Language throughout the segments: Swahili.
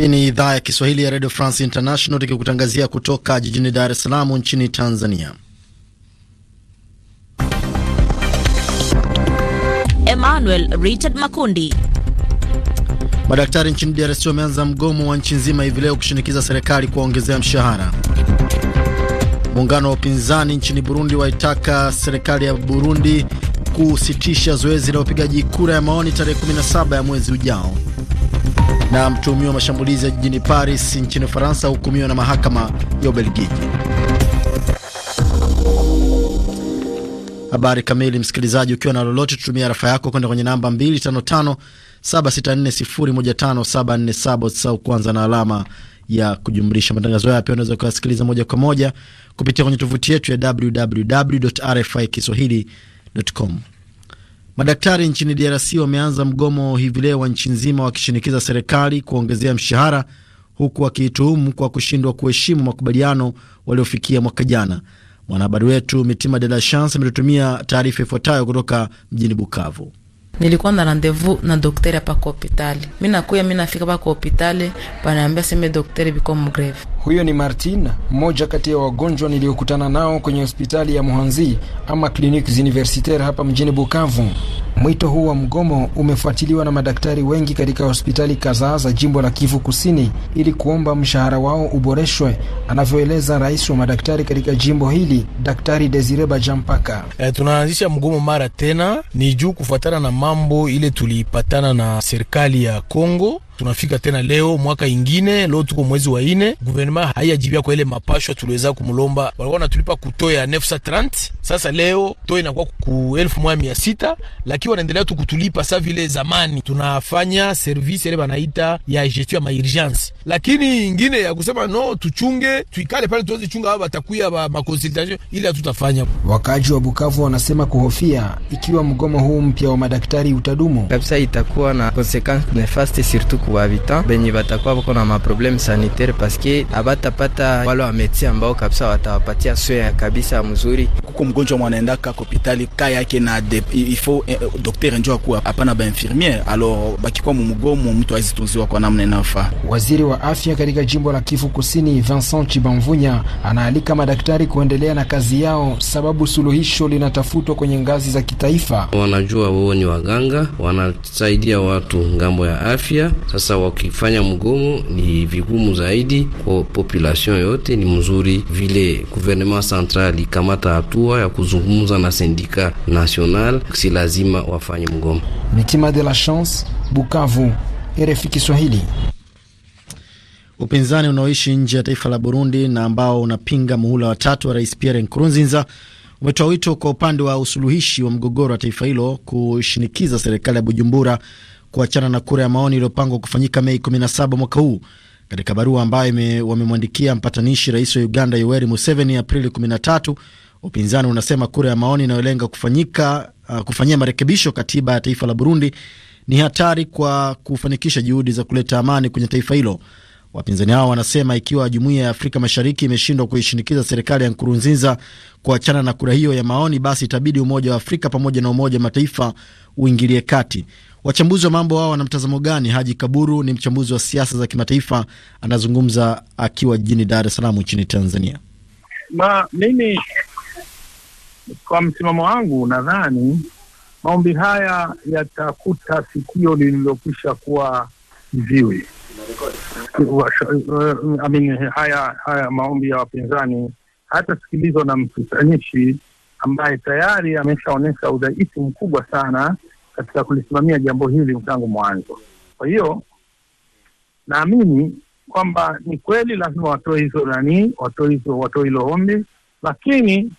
Hii ni idhaa ya Kiswahili ya Radio France International tukikutangazia kutoka jijini Dar es Salaam nchini Tanzania. Emmanuel Richard Makundi. Madaktari nchini DRC wameanza mgomo wa nchi nzima hivi leo kushinikiza serikali kuwaongezea mshahara. Muungano wa upinzani nchini Burundi waitaka serikali ya Burundi kusitisha zoezi la upigaji kura ya maoni tarehe 17 ya mwezi ujao. Na mtuhumiwa mashambulizi ya jijini Paris nchini Ufaransa hukumiwa na mahakama ya Ubelgiji. Habari kamili, msikilizaji, ukiwa na lolote, tutumia rafa yako kwenda kwenye namba 255764015747 sau kwanza na alama ya kujumlisha. Matangazo haya pia unaweza kuyasikiliza moja kwa moja kupitia kwenye tovuti yetu ya www.rfi kiswahili.com. Madaktari nchini DRC wameanza mgomo hivi leo nchi nzima wakishinikiza serikali kuongezea mshahara huku wakiituhumu kwa kushindwa kuheshimu makubaliano waliofikia mwaka jana. Mwanahabari wetu Mitima De La Chance ametutumia taarifa ifuatayo kutoka mjini Bukavu. Nilikuwa na randevu na dokteri hapa kwa hopitali, mi nakuya, mi nafika hapa kwa hopitali, panaambia seme dokteri biko mgreve huyo ni Martin, mmoja kati ya wagonjwa niliokutana nao kwenye hospitali ya Muhanzi ama Clinique Universitaire hapa mjini Bukavu. Mwito huu wa mgomo umefuatiliwa na madaktari wengi katika hospitali kadhaa za jimbo la Kivu Kusini ili kuomba mshahara wao uboreshwe, anavyoeleza rais wa madaktari katika jimbo hili, Daktari Desire Bajampaka. E, tunaanzisha mgomo mara tena, ni juu kufuatana na mambo ile tuliipatana na serikali ya Kongo tunafika tena leo mwaka ingine, leo tuko mwezi wa ine, guvernema haijajibia kwa ile mapashwa tuliweza kumulomba Walikuwa natulipa kutoa ya trant sasa leo to inakuwa ku elfu moja mia sita lakini wanaendelea tu kutulipa sa vile zamani. Tunafanya service ile wanaita ya gestion ya maurgence, lakini ingine ya kusema no, tuchunge tuikale pale tuweze chunga hao watakuya ba makonsultation ile hatutafanya. Wakaji wa Bukavu wanasema kuhofia ikiwa mgomo huu mpya wa madaktari utadumu kabisa, itakuwa na consequence nefaste surtout kuhabita benye batakuwa bako na maprobleme sanitaire paske abatapata wale wa medecin ambao kabisa watawapatia soin ya kabisa mzuri. Kuko mgonjwa mwanaendaka kopitali ka yake na ifo eh, eh dokter njo akuwa hapana bainfirmiere alo bakikuwa mumugomo mtu azitunziwa kwa namna inafaa. Waziri wa afya katika jimbo la Kivu Kusini Vincent Chibamvunya anaalika madaktari kuendelea na kazi yao, sababu suluhisho linatafutwa kwenye ngazi za kitaifa. Wanajua wao ni waganga, wanasaidia watu ngambo ya afya sasa wakifanya mgomo ni vigumu zaidi kwa population yote. Ni mzuri vile gouvernement central ikamata hatua ya kuzungumza na sindika national, si lazima wafanye mgomo. Mitima de la Chance, Bukavu, RFI Kiswahili. Upinzani unaoishi nje ya taifa la Burundi na ambao unapinga muhula watatu wa Rais Pierre Nkurunziza umetoa wito kwa upande wa usuluhishi wa mgogoro wa taifa hilo kushinikiza serikali ya Bujumbura kuachana na kura ya maoni iliyopangwa kufanyika Mei 17 mwaka huu. Katika barua ambayo wamemwandikia mpatanishi rais wa Uganda Yoweri Museveni Aprili 13, upinzani unasema kura ya maoni inayolenga kufanyika uh, kufanyia marekebisho katiba ya taifa la Burundi ni hatari kwa kufanikisha juhudi za kuleta amani kwenye taifa hilo. Wapinzani hao wanasema ikiwa jumuiya ya Afrika Mashariki imeshindwa kuishinikiza serikali ya Nkurunziza kuachana na kura hiyo ya maoni, basi itabidi Umoja wa Afrika pamoja na Umoja wa Mataifa uingilie kati. Wachambuzi wa mambo hao wana mtazamo gani? Haji Kaburu ni mchambuzi wa siasa za kimataifa, anazungumza akiwa jijini Dar es Salaam nchini Tanzania. Ma, mimi kwa msimamo wangu nadhani maombi haya yatakuta sikio lililokwisha kuwa viwi. I mean, haya haya maombi ya wapinzani hatasikilizwa na msusanyishi ambaye tayari ameshaonyesha udhaifu mkubwa sana katika kulisimamia jambo hili tangu mwanzo. Kwa hiyo naamini kwamba ni kweli lazima watoe hizo nani, watoe hizo, watoe hilo ombi, lakini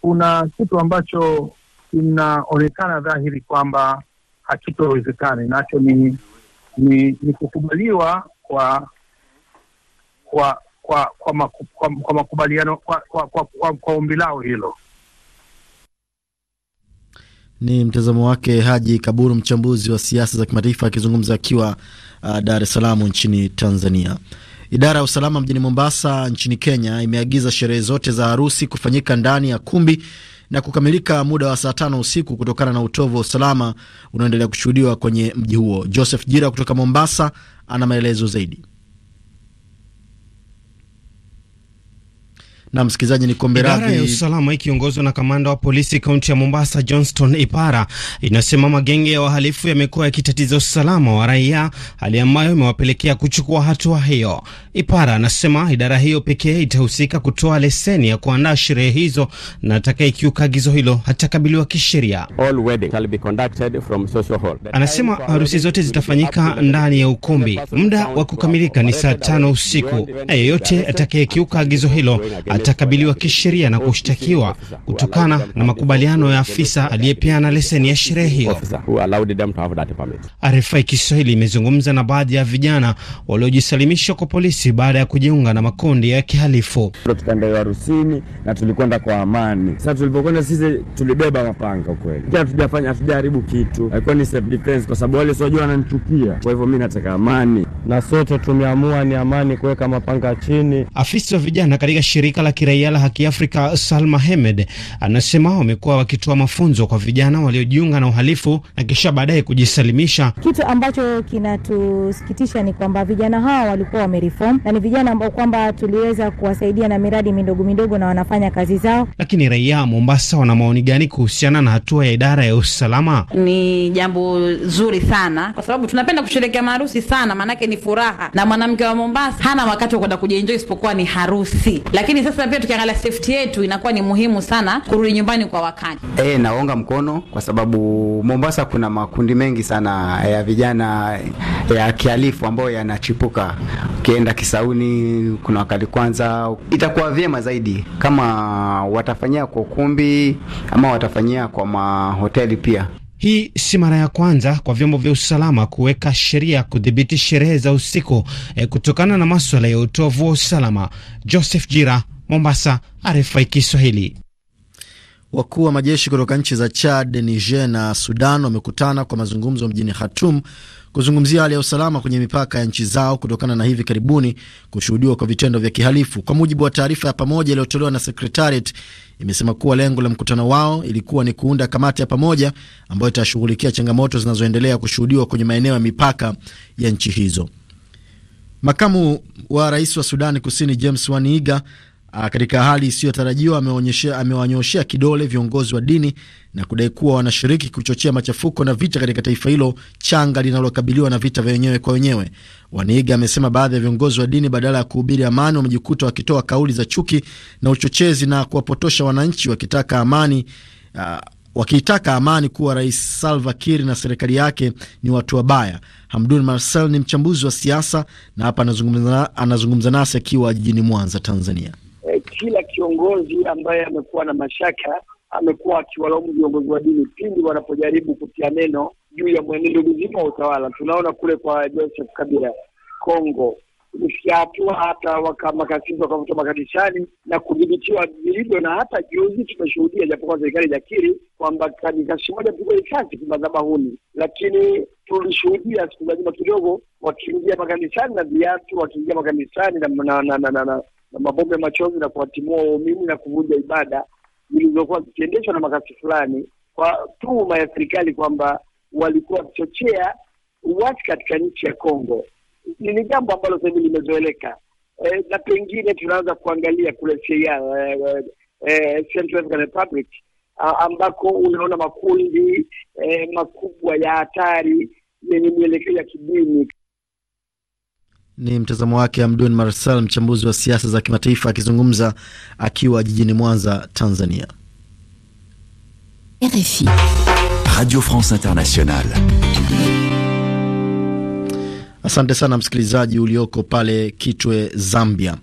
kuna kitu ambacho kinaonekana dhahiri kwamba hakitowezekani, nacho ni ni, ni kukubaliwa kwa kwa kwa kwa, maku, kwa, kwa makubaliano kwa, kwa, kwa, kwa, kwa ombi lao hilo. Ni mtazamo wake Haji Kaburu, mchambuzi wa siasa za kimataifa akizungumza akiwa uh, Dar es Salaam nchini Tanzania. Idara ya usalama mjini Mombasa nchini Kenya imeagiza sherehe zote za harusi kufanyika ndani ya kumbi na kukamilika muda wa saa tano usiku kutokana na utovu wa usalama unaoendelea kushuhudiwa kwenye mji huo. Joseph Jira kutoka Mombasa ana maelezo zaidi. Na msikilizaji, ni kombe lake. Idara ya usalama ikiongozwa na kamanda wa polisi kaunti ya Mombasa Johnston Ipara inasema magenge ya wahalifu yamekuwa yakitatiza usalama wa raia, hali ambayo imewapelekea kuchukua hatua hiyo. Ipara anasema idara hiyo pekee itahusika kutoa leseni ya kuandaa sherehe hizo, na atakayekiuka agizo hilo hatakabiliwa kisheria. Anasema harusi zote zitafanyika ndani ya ukumbi. Muda wa kukamilika ni saa tano usiku, na yeyote atakayekiuka agizo hilo atakabiliwa kisheria na kushtakiwa kutokana na makubaliano ya afisa aliyepeana leseni ya sherehe hiyo. RFI Kiswahili imezungumza na baadhi ya vijana waliojisalimisha kwa polisi baada ya kujiunga na makundi ya kihalifu. na tulikwenda kwa amani. Sasa tulipokwenda sisi tulibeba mapanga kweli, hatujafanya hatujaharibu kitu, alikuwa ni self defense kwa sababu wale siwajua wananichukia. Kwa hivyo mi nataka amani, na sote tumeamua ni amani, kuweka mapanga chini. Afisa wa vijana katika shirika la la kiraia la Haki Afrika Salma Hemed anasema wamekuwa wakitoa mafunzo kwa vijana waliojiunga na uhalifu na kisha baadaye kujisalimisha. Kitu ambacho kinatusikitisha ni kwamba vijana hawa walikuwa wamereform na ni vijana ambao kwamba tuliweza kuwasaidia na miradi midogo midogo na wanafanya kazi zao. Lakini raia wa Mombasa wana maoni gani kuhusiana na hatua ya idara ya usalama? Ni jambo zuri sana kwa sababu tunapenda kusherekea maharusi sana, maanake ni furaha, na mwanamke wa Mombasa hana wakati wa kwenda kujienjoy isipokuwa ni harusi, lakini sasa sasa pia tukiangalia safety yetu inakuwa ni muhimu sana kurudi nyumbani kwa wakati. Eh, naonga mkono kwa sababu Mombasa kuna makundi mengi sana ya vijana ya kihalifu ambayo yanachipuka. Ukienda Kisauni kuna wakali kwanza, itakuwa vyema zaidi kama watafanyia kwa ukumbi ama watafanyia kwa mahoteli pia. Hii si mara ya kwanza kwa vyombo vya usalama kuweka sheria kudhibiti sherehe za usiku eh, kutokana na maswala ya utovu wa usalama. Joseph Jira, Mombasa, RFI Kiswahili. Wakuu wa majeshi kutoka nchi za Chad, Niger na Sudan wamekutana kwa mazungumzo mjini Khartoum kuzungumzia hali ya usalama kwenye mipaka ya nchi zao kutokana na hivi karibuni kushuhudiwa kwa vitendo vya kihalifu. Kwa mujibu wa taarifa ya pamoja iliyotolewa na sekretariat imesema kuwa lengo la mkutano wao ilikuwa ni kuunda kamati ya pamoja ambayo itashughulikia changamoto zinazoendelea kushuhudiwa kwenye maeneo ya mipaka ya nchi hizo. Makamu wa rais wa Sudani Kusini James Waniga Ah, katika hali isiyotarajiwa amewanyoshea kidole viongozi wa dini na kudai kuwa wanashiriki kuchochea machafuko na vita katika taifa hilo changa linalokabiliwa na vita vya wenyewe kwa wenyewe. Waniiga amesema baadhi ya viongozi wa dini badala ya kuhubiri amani wamejikuta wakitoa kauli za chuki na uchochezi na kuwapotosha wananchi, wakitaka amani uh, wakiitaka amani kuwa Rais Salva Kiir na serikali yake ni watu wabaya. Hamdun Marcel ni mchambuzi wa siasa na hapa anazungumza nasi akiwa jijini Mwanza, Tanzania kila kiongozi ambaye amekuwa na mashaka amekuwa akiwalaumu viongozi wa dini pindi wanapojaribu kutia neno juu ya mwenendo mzima wa utawala. Tunaona kule kwa Joseph Kabila Kongo kufikia hatua hata wakamakasimba wakavuta makanishani na kudhibitiwa vilivyo, na hata juzi tumeshuhudia, japokuwa serikali jakiri kwamba kanisa moja pigwa risasi madhabahuni, lakini tulishuhudia siku za nyuma kidogo wakiingia makanisani na viatu, wakiingia makanisani na na na na na mabomu ya machozi na kuwatimua waumini na kuvunja ibada zilizokuwa zikiendeshwa na makasi fulani, kwa tuhuma ya serikali kwamba walikuwa wakichochea uwasi katika nchi ya Kongo. Ni jambo ambalo sasa hivi limezoeleka e, na pengine tunaanza kuangalia kule CIA, e, eh, e, eh, eh, Central African Republic ambako unaona makundi e, makubwa ya hatari yenye mielekeo ya kidini. Ni mtazamo wake Amdun Marsal, mchambuzi wa siasa za kimataifa, akizungumza akiwa jijini Mwanza, Tanzania. RFI, Radio France Internationale. Asante sana msikilizaji ulioko pale Kitwe, Zambia.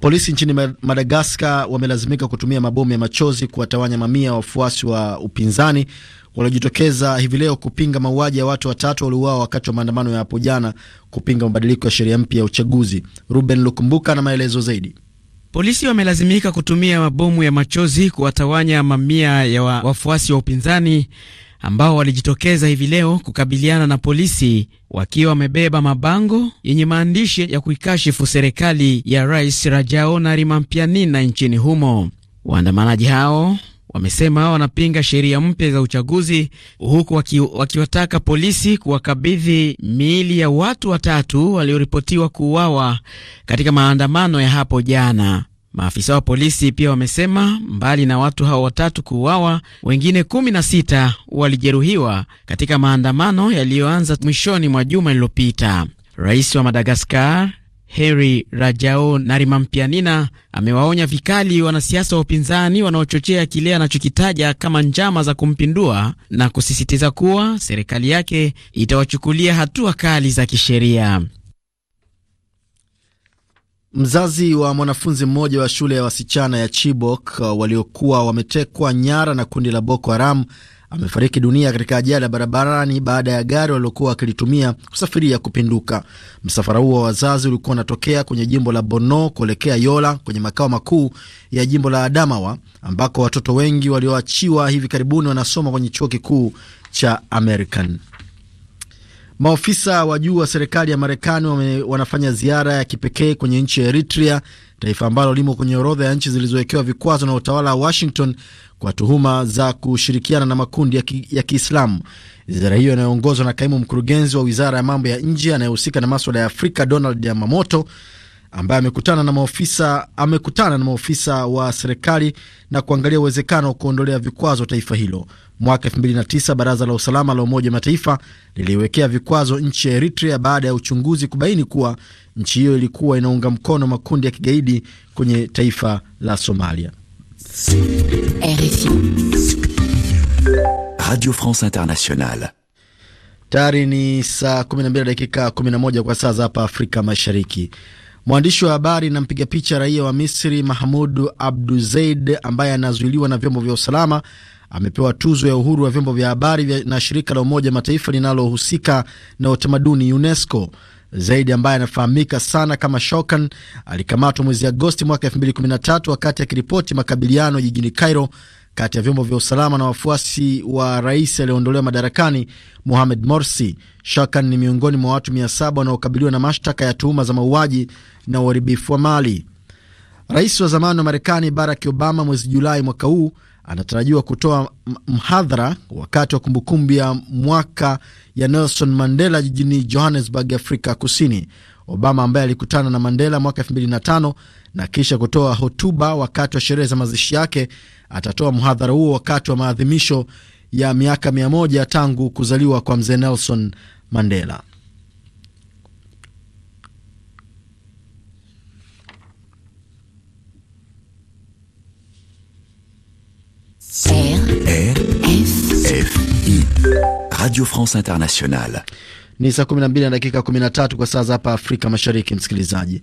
Polisi nchini Madagaskar wamelazimika kutumia mabomu ya machozi kuwatawanya mamia wafuasi wa upinzani waliojitokeza hivi leo kupinga mauaji ya watu watatu waliouawa wakati wa maandamano ya hapo jana kupinga mabadiliko ya sheria mpya ya uchaguzi. Ruben Lukumbuka na maelezo zaidi. Polisi wamelazimika kutumia mabomu ya machozi kuwatawanya mamia ya wa wafuasi wa upinzani ambao walijitokeza hivi leo kukabiliana na polisi wakiwa wamebeba mabango yenye maandishi ya kuikashifu serikali ya Rais Rajaona Rimampianina nchini humo. Waandamanaji hao wamesema wanapinga sheria mpya za uchaguzi huku wakiwataka waki polisi kuwakabidhi miili ya watu watatu walioripotiwa kuuawa katika maandamano ya hapo jana. Maafisa wa polisi pia wamesema mbali na watu hao watatu kuuawa, wengine kumi na sita walijeruhiwa katika maandamano yaliyoanza mwishoni mwa juma lililopita. Rais wa Madagaskar Heri Rajao Narimampianina amewaonya vikali wanasiasa wa upinzani wanaochochea kile anachokitaja kama njama za kumpindua na kusisitiza kuwa serikali yake itawachukulia hatua kali za kisheria. Mzazi wa mwanafunzi mmoja wa shule ya wasichana ya Chibok waliokuwa wametekwa nyara na kundi la Boko Haram amefariki dunia katika ajali ya barabarani baada ya gari waliokuwa wakilitumia kusafiria kupinduka. Msafara huo wa wazazi ulikuwa unatokea kwenye jimbo la Borno kuelekea Yola kwenye makao makuu ya jimbo la Adamawa ambako watoto wengi walioachiwa hivi karibuni wanasoma kwenye chuo kikuu cha American. Maofisa wa juu wa serikali ya Marekani wanafanya ziara ya kipekee kwenye nchi ya Eritrea taifa ambalo limo kwenye orodha ya nchi zilizowekewa vikwazo na utawala wa Washington kwa tuhuma za kushirikiana na makundi ya Kiislamu. Wizara hiyo inayoongozwa na kaimu mkurugenzi wa wizara ya mambo ya nje anayehusika na maswala ya Afrika, Donald Yamamoto, ambaye amekutana na maofisa, amekutana na maofisa wa serikali na kuangalia uwezekano wa kuondolea vikwazo taifa hilo. Mwaka 2009 baraza la usalama la Umoja wa Mataifa liliwekea vikwazo nchi ya Eritrea baada ya uchunguzi kubaini kuwa nchi hiyo ilikuwa inaunga mkono makundi ya kigaidi kwenye taifa la Somalia. RFI, Radio France Internationale. Tayari ni saa 12 dakika 11 kwa saa za hapa Afrika Mashariki. Mwandishi wa habari na mpiga picha raia wa Misri Mahmud Abduzeid ambaye anazuiliwa na vyombo vya usalama amepewa tuzo ya uhuru wa vyombo vya habari na shirika la Umoja Mataifa linalohusika na utamaduni UNESCO. Zaidi ambaye anafahamika sana kama Shokan alikamatwa mwezi Agosti mwaka 2013 wakati akiripoti makabiliano jijini Cairo kati ya vyombo vya usalama na wafuasi wa rais aliyeondolewa madarakani Mohamed Morsi. Shokan ni miongoni mwa watu 700 wanaokabiliwa na mashtaka ya tuhuma za mauaji na uharibifu wa mali. Rais wa zamani wa Marekani Barack Obama mwezi Julai mwaka huu anatarajiwa kutoa mhadhara wakati wa kumbukumbu ya mwaka ya Nelson Mandela jijini Johannesburg, Afrika Kusini. Obama ambaye alikutana na Mandela mwaka 2005 na kisha kutoa hotuba wakati wa sherehe za mazishi yake, atatoa mhadhara huo wakati wa maadhimisho ya miaka 100 tangu kuzaliwa kwa mzee Nelson Mandela. I Radio France Internationale. Ni saa 12 na dakika 13 kwa saa za hapa Afrika Mashariki. Msikilizaji,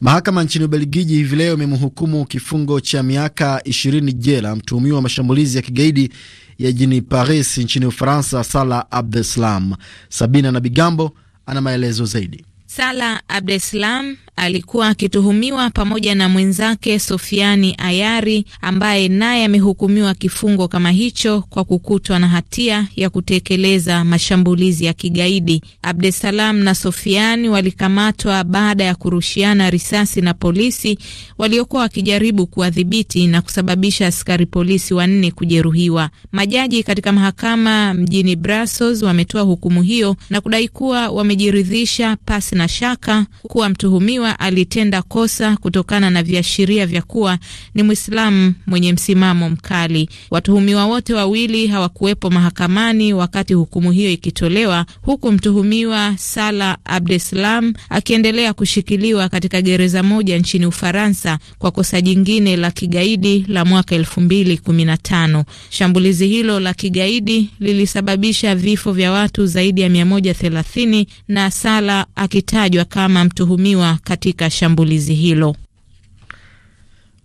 mahakama nchini Ubelgiji hivi leo imemhukumu kifungo cha miaka 20 jela mtuhumiwa wa mashambulizi ya kigaidi ya jini Paris nchini Ufaransa, Salah Abdeslam. Sabina na Bigambo ana maelezo zaidi. Salah Abdeslam alikuwa akituhumiwa pamoja na mwenzake Sofiani Ayari ambaye naye amehukumiwa kifungo kama hicho kwa kukutwa na hatia ya kutekeleza mashambulizi ya kigaidi. Abdesalam na Sofiani walikamatwa baada ya kurushiana risasi na polisi waliokuwa wakijaribu kuwadhibiti na kusababisha askari polisi wanne kujeruhiwa. Majaji katika mahakama mjini Brussels wametoa hukumu hiyo na kudai kuwa wamejiridhisha pasi na shaka kuwa mtuhumiwa mtuhumiwa alitenda kosa kutokana na viashiria vya kuwa ni Mwislamu mwenye msimamo mkali. Watuhumiwa wote wawili hawakuwepo mahakamani wakati hukumu hiyo ikitolewa, huku mtuhumiwa Sala Abdeslam akiendelea kushikiliwa katika gereza moja nchini Ufaransa kwa kosa jingine la kigaidi la mwaka elfu mbili kumi na tano. Shambulizi hilo la kigaidi lilisababisha vifo vya watu zaidi ya 130 na Sala akitajwa kama mtuhumiwa katika shambulizi hilo.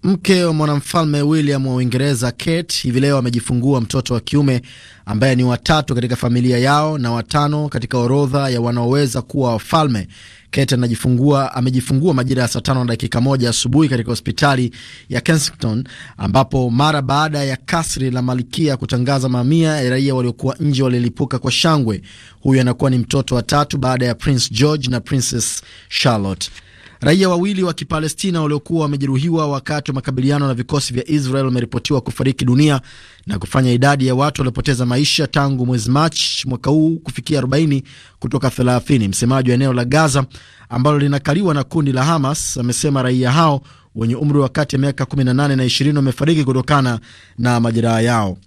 Mke wa mwanamfalme William wa Uingereza, Kate, hivi leo amejifungua mtoto wa kiume ambaye ni watatu katika familia yao na watano katika orodha ya wanaoweza kuwa wafalme. Kate anajifungua, amejifungua majira ya saa tano na dakika moja asubuhi katika hospitali ya Kensington, ambapo mara baada ya kasri la malkia kutangaza, mamia ya raia waliokuwa nje walilipuka kwa shangwe. Huyu anakuwa ni mtoto wa tatu baada ya Prince George na Princess Charlotte. Raia wawili wa Kipalestina waliokuwa wamejeruhiwa wakati wa makabiliano na vikosi vya Israel wameripotiwa kufariki dunia na kufanya idadi ya watu waliopoteza maisha tangu mwezi Machi mwaka huu kufikia 40 kutoka 30. Msemaji wa eneo la Gaza ambalo linakaliwa na kundi la Hamas amesema raia hao wenye umri wa kati ya miaka 18 na 20 wamefariki kutokana na majeraha yao.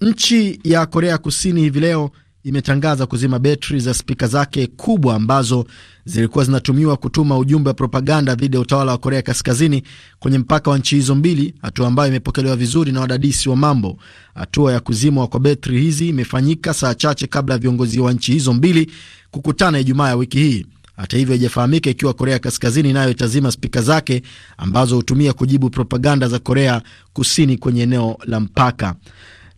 Nchi ya Korea Kusini hivi leo imetangaza kuzima betri za spika zake kubwa ambazo zilikuwa zinatumiwa kutuma ujumbe wa propaganda dhidi ya utawala wa Korea Kaskazini kwenye mpaka wa nchi hizo mbili, hatua ambayo imepokelewa vizuri na wadadisi wa mambo. Hatua ya kuzimwa kwa betri hizi imefanyika saa chache kabla ya viongozi wa nchi hizo mbili kukutana Ijumaa ya wiki hii. Hata hivyo, haijafahamika ikiwa Korea Kaskazini nayo itazima spika zake ambazo hutumia kujibu propaganda za Korea Kusini kwenye eneo la mpaka.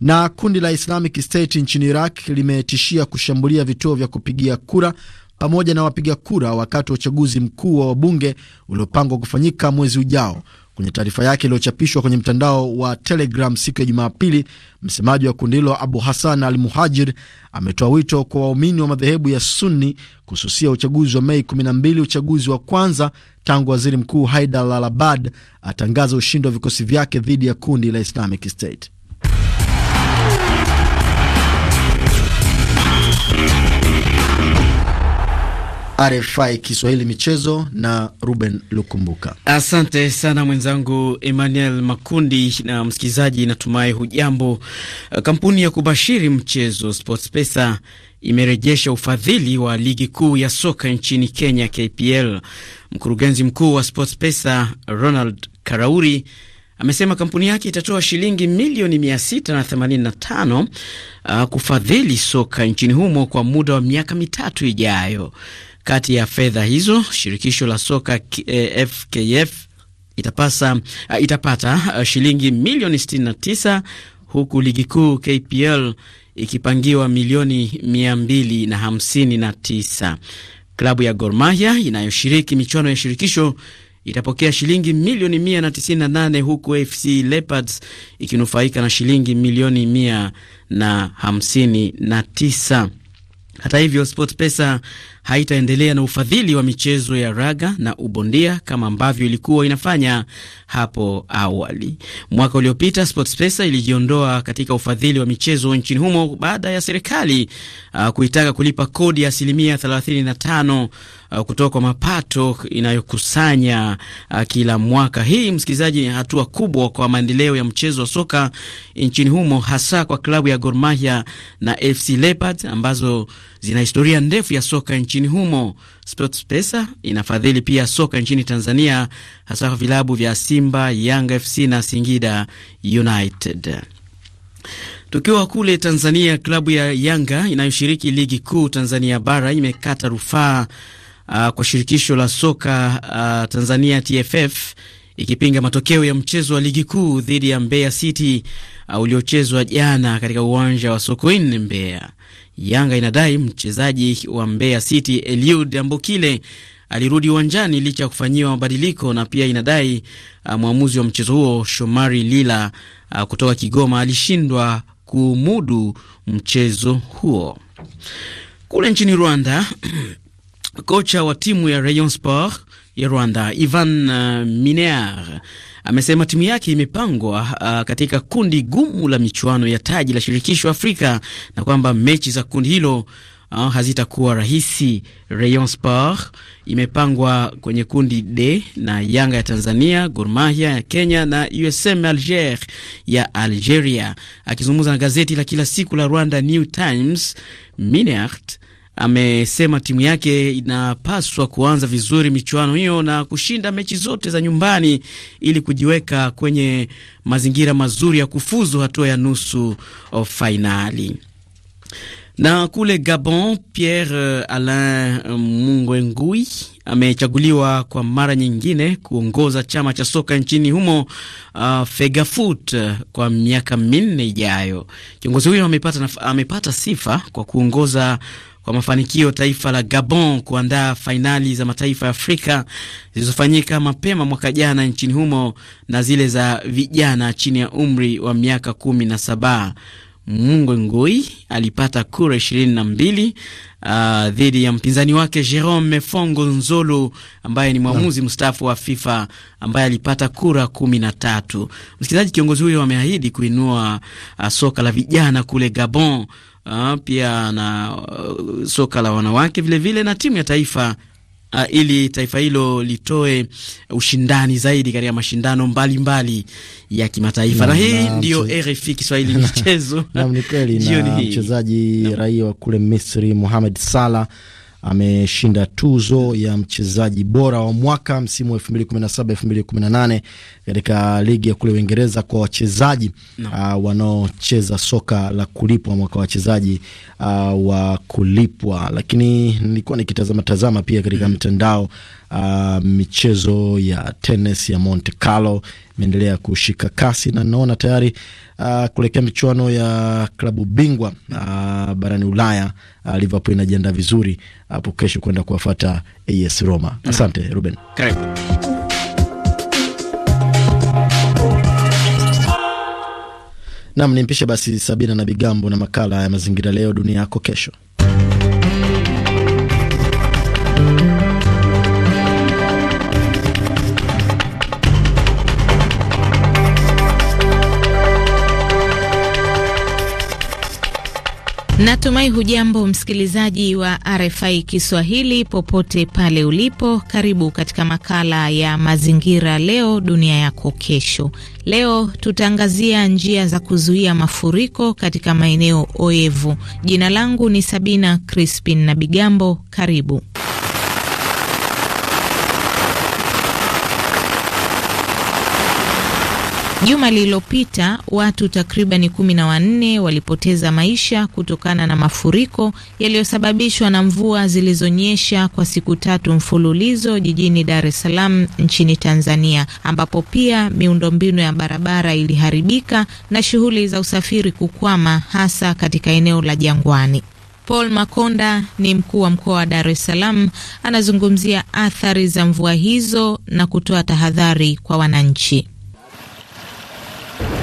Na kundi la Islamic State nchini Iraq limetishia kushambulia vituo vya kupigia kura pamoja na wapiga kura wakati wa uchaguzi mkuu wa wabunge uliopangwa kufanyika mwezi ujao. Kwenye taarifa yake iliyochapishwa kwenye mtandao wa Telegram siku ya Jumapili, msemaji wa kundi hilo Abu Hassan Al Muhajir ametoa wito kwa waumini wa madhehebu ya Sunni kususia uchaguzi wa Mei 12, uchaguzi wa kwanza tangu waziri mkuu Haidar Al Abad atangaza ushindi wa vikosi vyake dhidi ya kundi la Islamic State. RFI Kiswahili michezo na Ruben Lukumbuka. Asante sana mwenzangu Emmanuel Makundi na msikilizaji, natumai hujambo. Kampuni ya kubashiri mchezo SportPesa imerejesha ufadhili wa ligi kuu ya soka nchini Kenya KPL. Mkurugenzi mkuu wa SportPesa Ronald Karauri amesema kampuni yake itatoa shilingi milioni 685 uh, kufadhili soka nchini humo kwa muda wa miaka mitatu ijayo. Kati ya fedha hizo shirikisho la soka FKF eh, itapasa, uh, itapata uh, shilingi milioni 69 huku ligi kuu KPL ikipangiwa milioni 259. Klabu ya Gor Mahia inayoshiriki michuano ya shirikisho itapokea shilingi milioni 198 huku AFC Leopards ikinufaika na shilingi milioni 159. Hata hivyo SportPesa haitaendelea na ufadhili wa michezo ya raga na ubondia kama ambavyo ilikuwa inafanya hapo awali. Mwaka uliopita SportPesa ilijiondoa katika ufadhili wa michezo nchini humo baada ya serikali uh, kuitaka kulipa kodi ya asilimia 35 uh, kutoka kwa mapato inayokusanya uh, kila mwaka. Hii msikilizaji, ni hatua kubwa kwa maendeleo ya mchezo wa soka nchini humo, hasa kwa klabu ya Gor Mahia na FC Leopards ambazo zina historia ndefu ya soka nchini humo. SportPesa inafadhili pia soka nchini Tanzania, hasa kwa vilabu vya Simba, Yanga FC na Singida United. Tukiwa kule Tanzania, klabu ya Yanga inayoshiriki ligi kuu Tanzania bara imekata rufaa uh, kwa shirikisho la soka uh, Tanzania TFF ikipinga matokeo ya mchezo wa ligi kuu dhidi ya Mbeya City uh, uliochezwa jana katika uwanja wa Sokoine Mbeya. Yanga inadai mchezaji wa Mbeya City Eliud Ambokile alirudi uwanjani licha ya kufanyiwa mabadiliko na pia inadai uh, mwamuzi wa mchezo huo Shomari Lila uh, kutoka Kigoma alishindwa kumudu mchezo huo. Kule nchini Rwanda Kocha wa timu ya Rayon Sport ya Rwanda Ivan uh, Minaert amesema timu yake imepangwa uh, katika kundi gumu la michuano ya taji la shirikisho Afrika na kwamba mechi za kundi hilo uh, hazitakuwa rahisi. Rayon Sport imepangwa kwenye kundi D na Yanga ya Tanzania, Gor Mahia ya Kenya na USM Alger ya Algeria. Akizungumza na gazeti la kila siku la Rwanda New Times, Minaert amesema timu yake inapaswa kuanza vizuri michuano hiyo na kushinda mechi zote za nyumbani ili kujiweka kwenye mazingira mazuri ya kufuzu hatua ya nusu fainali. Na kule Gabon, Pierre Alain Mungwengui amechaguliwa kwa mara nyingine kuongoza chama cha soka nchini humo uh, Fegafoot kwa miaka minne ijayo. Kiongozi huyo amepata, amepata sifa kwa kuongoza kwa mafanikio taifa la Gabon kuandaa fainali za mataifa ya Afrika zilizofanyika mapema mwaka jana nchini humo na zile za vijana chini ya umri wa miaka kumi na saba. Mungwe Mungwengoi alipata kura ishirini na mbili uh, dhidi ya mpinzani wake Jerome Fongo Nzolo ambaye ni mwamuzi mstaafu wa FIFA ambaye alipata kura kumi na tatu. Msikilizaji, kiongozi huyo ameahidi kuinua uh, soka la vijana kule Gabon uh, pia na uh, soka la wanawake vilevile vile, na timu ya taifa Uh, ili taifa hilo litoe ushindani zaidi katika mashindano mbalimbali mbali ya kimataifa. Na hii ndio RFI Kiswahili michezo. Naam, ni kweli na mchezaji raia wa kule Misri Mohamed Salah ameshinda tuzo ya mchezaji bora wa mwaka msimu wa 2017 2018 katika ligi ya kule Uingereza kwa wachezaji no. uh, wanaocheza soka la kulipwa mwaka wachezaji uh, wa kulipwa, lakini nilikuwa nikitazama tazama pia katika mm. mtandao Uh, michezo ya tenis ya Monte Carlo imeendelea kushika kasi na naona tayari uh, kuelekea michuano ya klabu bingwa uh, barani Ulaya uh, Liverpool inajiandaa vizuri hapo uh, kesho kwenda kuwafata AS Roma. Mm-hmm. Asante Ruben. Karibu. Nam nimpishe basi Sabina na Bigambo na makala ya mazingira leo dunia yako kesho. Natumai hujambo msikilizaji wa RFI Kiswahili popote pale ulipo. Karibu katika makala ya mazingira leo dunia yako kesho. Leo tutaangazia njia za kuzuia mafuriko katika maeneo oevu. Jina langu ni Sabina Crispin na Bigambo. Karibu. Juma lililopita watu takribani kumi na wanne walipoteza maisha kutokana na mafuriko yaliyosababishwa na mvua zilizonyesha kwa siku tatu mfululizo jijini Dar es Salaam nchini Tanzania, ambapo pia miundombinu ya barabara iliharibika na shughuli za usafiri kukwama, hasa katika eneo la Jangwani. Paul Makonda ni mkuu wa mkoa wa Dar es Salaam, anazungumzia athari za mvua hizo na kutoa tahadhari kwa wananchi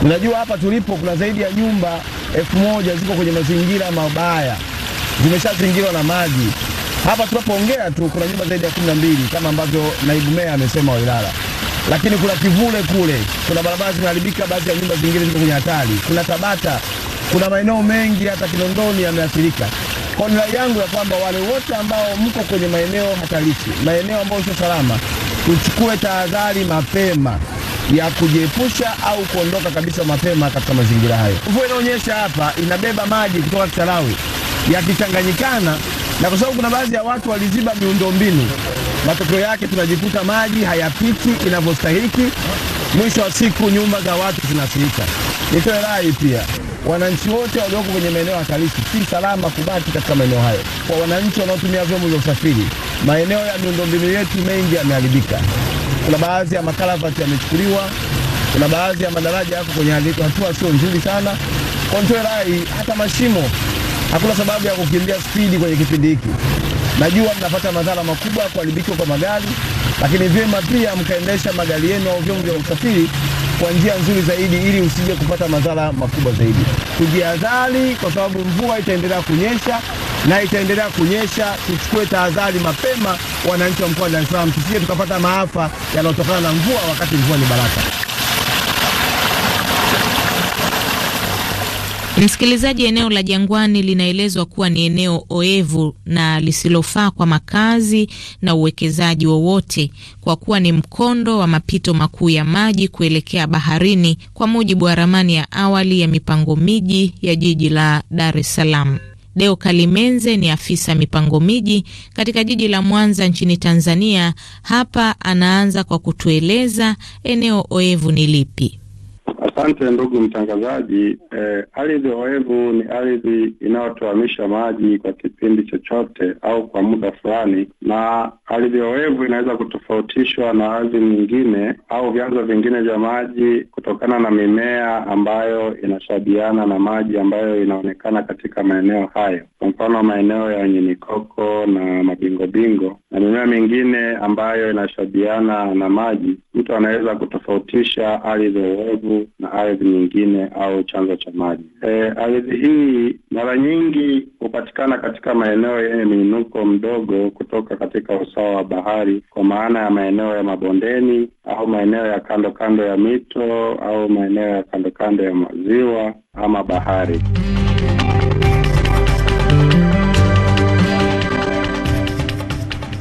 najua hapa tulipo kuna zaidi ya nyumba elfu moja ziko kwenye mazingira mabaya, zimeshazingirwa na maji. Hapa tunapoongea tu kuna nyumba zaidi ya kumi na mbili kama ambavyo naibu meya amesema Wailala, lakini kuna Kivule kule, kuna barabara zimeharibika, baadhi ya nyumba zingine ziko kwenye hatari, kuna Tabata, kuna maeneo mengi hata Kinondoni yameathirika. Kwa nia yangu ya kwamba wale wote ambao mko kwenye maeneo hatarishi, maeneo ambayo sio salama, tuchukue tahadhari mapema ya kujiepusha au kuondoka kabisa mapema katika mazingira hayo. Mvua inaonyesha hapa inabeba maji kutoka Kisarawe yakichanganyikana, na kwa sababu kuna baadhi ya watu waliziba miundombinu, matokeo yake tunajikuta maji hayapiti inavyostahiki. Mwisho wa siku nyumba za watu zinafurika. Nitoe rai pia wananchi wote walioko kwenye maeneo hatarishi, si salama kubaki katika maeneo hayo. Kwa wananchi wanaotumia vyombo vya usafiri, maeneo ya miundombinu yetu mengi yameharibika kuna baadhi ya makalavati yamechukuliwa, kuna baadhi ya madaraja yako kwenye hatua sio nzuri sana. Kwa rai, hata mashimo hakuna sababu ya kukimbia spidi kwenye kipindi hiki. Najua mnapata madhara makubwa ya kuharibikiwa kwa magari, lakini vyema pia mkaendesha magari yenu au vyombo vya usafiri kwa njia nzuri zaidi, ili usije kupata madhara makubwa zaidi. Tujihadhari, kwa sababu mvua itaendelea kunyesha na itaendelea kunyesha. Tuchukue tahadhari mapema, wananchi wa mkoa wa Dar es Salaam, tusije tukapata maafa yanayotokana na mvua, wakati mvua ni baraka. Msikilizaji, eneo la Jangwani linaelezwa kuwa ni eneo oevu na lisilofaa kwa makazi na uwekezaji wowote kwa kuwa ni mkondo wa mapito makuu ya maji kuelekea baharini, kwa mujibu wa ramani ya awali ya mipango miji ya jiji la Dar es Salaam. Deo Kalimenze ni afisa mipango miji katika jiji la Mwanza nchini Tanzania. Hapa anaanza kwa kutueleza eneo oevu ni lipi. Asante ndugu mtangazaji. Eh, ardhi oevu ni ardhi inayotoamisha maji kwa kipindi chochote au kwa muda fulani, na ardhi oevu inaweza kutofautishwa na ardhi nyingine au vyanzo vingine vya maji kutokana na mimea ambayo inashabiana na maji ambayo inaonekana katika maeneo hayo kwa mfano maeneo wenye mikoko na mabingobingo na mimea mingine ambayo inashabiana na maji, mtu anaweza kutofautisha ardhi oevu na ardhi nyingine au chanzo cha maji. E, ardhi hii mara nyingi hupatikana katika maeneo yenye miinuko mdogo kutoka katika usawa wa bahari, kwa maana ya maeneo ya mabondeni au maeneo ya kando kando ya mito au maeneo ya kando kando ya maziwa ama bahari.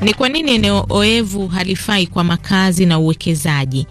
Ni kwa nini eneo oevu halifai kwa makazi na uwekezaji?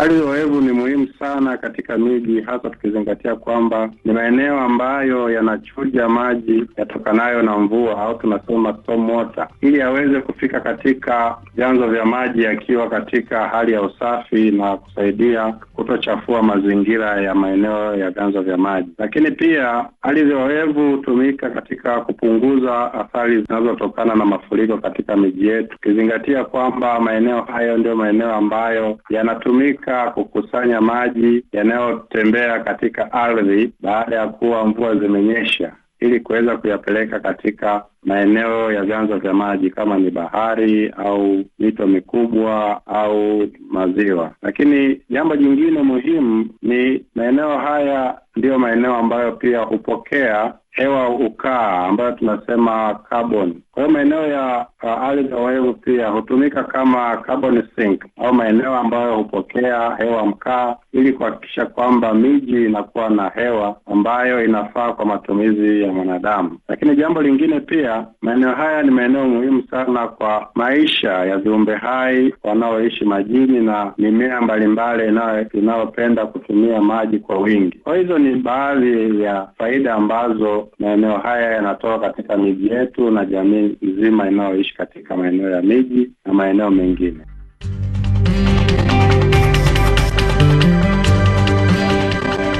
Hali ya ni muhimu sana katika miji, hasa tukizingatia kwamba ni maeneo ambayo yanachuja maji yatokanayo na mvua au tunasema storm water, ili yaweze kufika katika vyanzo vya maji yakiwa katika hali ya usafi na kusaidia kutochafua mazingira ya maeneo ya vyanzo vya maji. Lakini pia hali ya uoevu hutumika katika kupunguza athari zinazotokana na mafuriko katika miji yetu, tukizingatia kwamba maeneo hayo ndio maeneo ambayo yanatumika katika kukusanya maji yanayotembea katika ardhi baada ya kuwa mvua zimenyesha ili kuweza kuyapeleka katika maeneo ya vyanzo vya maji kama ni bahari au mito mikubwa au maziwa. Lakini jambo jingine muhimu ni maeneo haya ndiyo maeneo ambayo pia hupokea hewa ukaa ambayo tunasema carbon Hayo maeneo ya uh, ardhi oevu pia hutumika kama carbon sink au maeneo ambayo hupokea hewa mkaa, ili kuhakikisha kwamba miji inakuwa na hewa ambayo inafaa kwa matumizi ya mwanadamu. Lakini jambo lingine pia, maeneo haya ni maeneo muhimu sana kwa maisha ya viumbe hai wanaoishi majini na mimea mbalimbali inayopenda kutumia maji kwa wingi. Kwa hizo ni baadhi ya faida ambazo maeneo haya yanatoa katika miji yetu na jamii nzima inayoishi katika maeneo ya miji na maeneo mengine.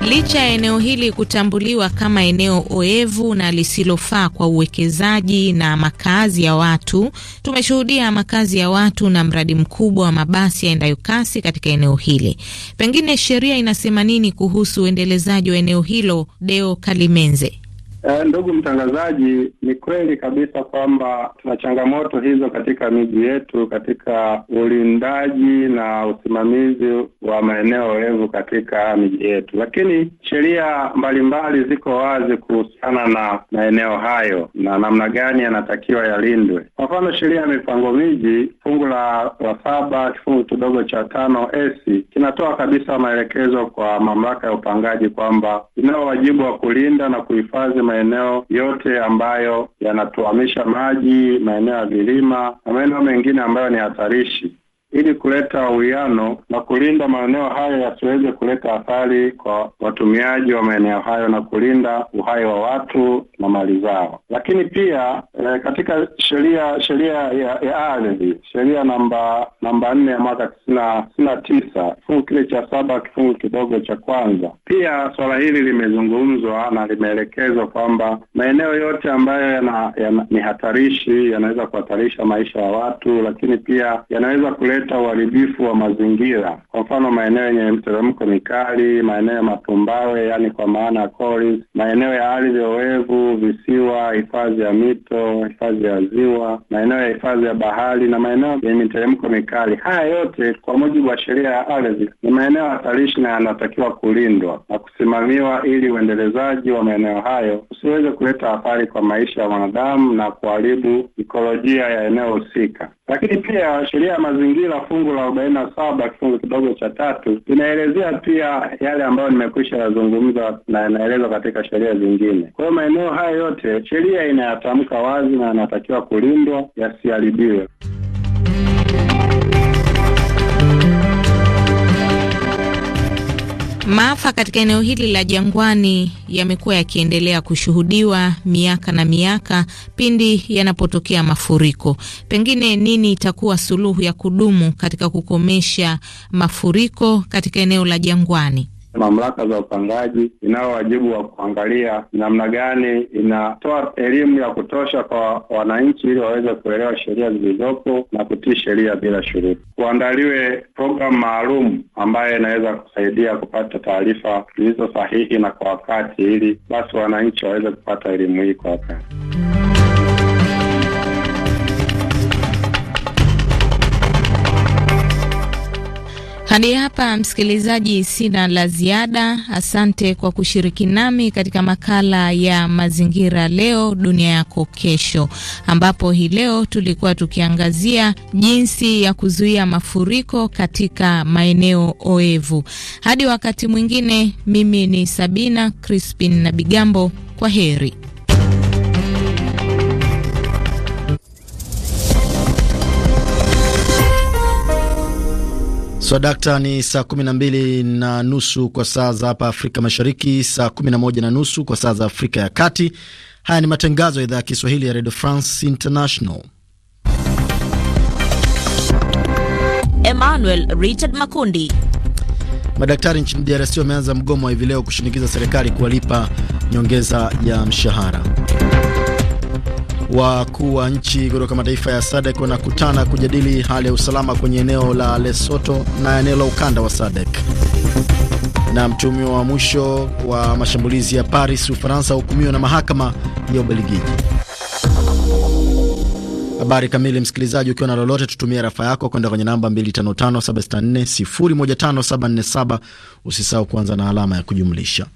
Licha ya eneo hili kutambuliwa kama eneo oevu na lisilofaa kwa uwekezaji na makazi ya watu, tumeshuhudia makazi ya watu na mradi mkubwa wa mabasi yaendayo kasi katika eneo hili. Pengine sheria inasema nini kuhusu uendelezaji wa eneo hilo? Deo Kalimenze. Eh, ndugu mtangazaji, ni kweli kabisa kwamba tuna changamoto hizo katika miji yetu katika ulindaji na usimamizi wa maeneo oevu katika miji yetu, lakini sheria mbalimbali ziko wazi kuhusiana na maeneo hayo na namna gani yanatakiwa yalindwe. Kwa mfano, sheria ya mipango miji fungu la la saba kifungu kidogo cha tano s kinatoa kabisa maelekezo kwa mamlaka ya upangaji kwamba inao wajibu wa kulinda na kuhifadhi maeneo yote ambayo yanatuhamisha maji, maeneo ya vilima na maeneo mengine ambayo ni hatarishi ili kuleta uwiano na kulinda maeneo hayo yasiweze kuleta athari kwa watumiaji wa maeneo hayo na kulinda uhai wa watu na mali zao. Lakini pia e, katika sheria sheria ya, ardhi sheria namba namba nne ya mwaka tisini na tisa kifungu kile cha saba kifungu kidogo cha kwanza, pia suala hili limezungumzwa na limeelekezwa kwamba maeneo yote ambayo yana, yana, ni hatarishi yanaweza kuhatarisha maisha ya watu, lakini pia yanaweza kuleta kuleta uharibifu wa mazingira, kwa mfano maeneo yenye mteremko mikali, maeneo ya matumbawe, yaani kwa maana colis, maeneo ya ardhi oevu, visiwa, hifadhi ya mito, hifadhi ya ziwa, maeneo ya hifadhi ya bahari na maeneo yenye miteremko mikali. Haya yote kwa mujibu wa sheria ya ardhi ni maeneo hatarishi na yanatakiwa kulindwa na kusimamiwa ili uendelezaji wa maeneo hayo usiweze kuleta athari kwa maisha ya mwanadamu na kuharibu ikolojia ya eneo husika. Lakini pia sheria ya mazingira la fungu la arobaini na saba kifungu kidogo cha tatu inaelezea pia yale ambayo nimekwisha yazungumza na yanaelezwa katika sheria zingine. Kwa hiyo maeneo haya yote sheria inayatamka wazi na yanatakiwa kulindwa yasiharibiwe. Maafa katika eneo hili la jangwani yamekuwa yakiendelea kushuhudiwa miaka na miaka pindi yanapotokea mafuriko. Pengine nini itakuwa suluhu ya kudumu katika kukomesha mafuriko katika eneo la jangwani? mamlaka za upangaji inayo wajibu wa kuangalia namna gani inatoa elimu ya kutosha kwa wananchi ili waweze kuelewa sheria zilizopo na kutii sheria bila shuruti. Kuandaliwe programu maalum ambayo inaweza kusaidia kupata taarifa zilizo sahihi na kwa wakati, ili basi wananchi waweze kupata elimu hii kwa wakati. Hadi hapa msikilizaji, sina la ziada. Asante kwa kushiriki nami katika makala ya mazingira leo dunia yako kesho, ambapo hii leo tulikuwa tukiangazia jinsi ya kuzuia mafuriko katika maeneo oevu. Hadi wakati mwingine, mimi ni Sabina Crispin na Bigambo, kwa heri. So, dakta ni saa kumi na mbili na nusu kwa saa za hapa Afrika Mashariki, saa kumi na moja na nusu kwa saa za Afrika ya Kati. Haya ni matangazo ya idhaa ya Kiswahili ya Radio France International. Emmanuel Richard Makundi. Madaktari nchini DRC wameanza mgomo wa hivi leo kushinikiza serikali kuwalipa nyongeza ya mshahara. Wakuu wa nchi kutoka mataifa ya SADC wanakutana kujadili hali ya usalama kwenye eneo la Lesotho na eneo la ukanda wa SADC. Na mtuhumiwa wa mwisho wa mashambulizi ya Paris, Ufaransa, hukumiwa na mahakama ya Ubelgiji. Habari kamili, msikilizaji, ukiwa na lolote, tutumie rafa yako kwenda kwenye namba 255 764 015 747. Usisahau kuanza na alama ya kujumlisha.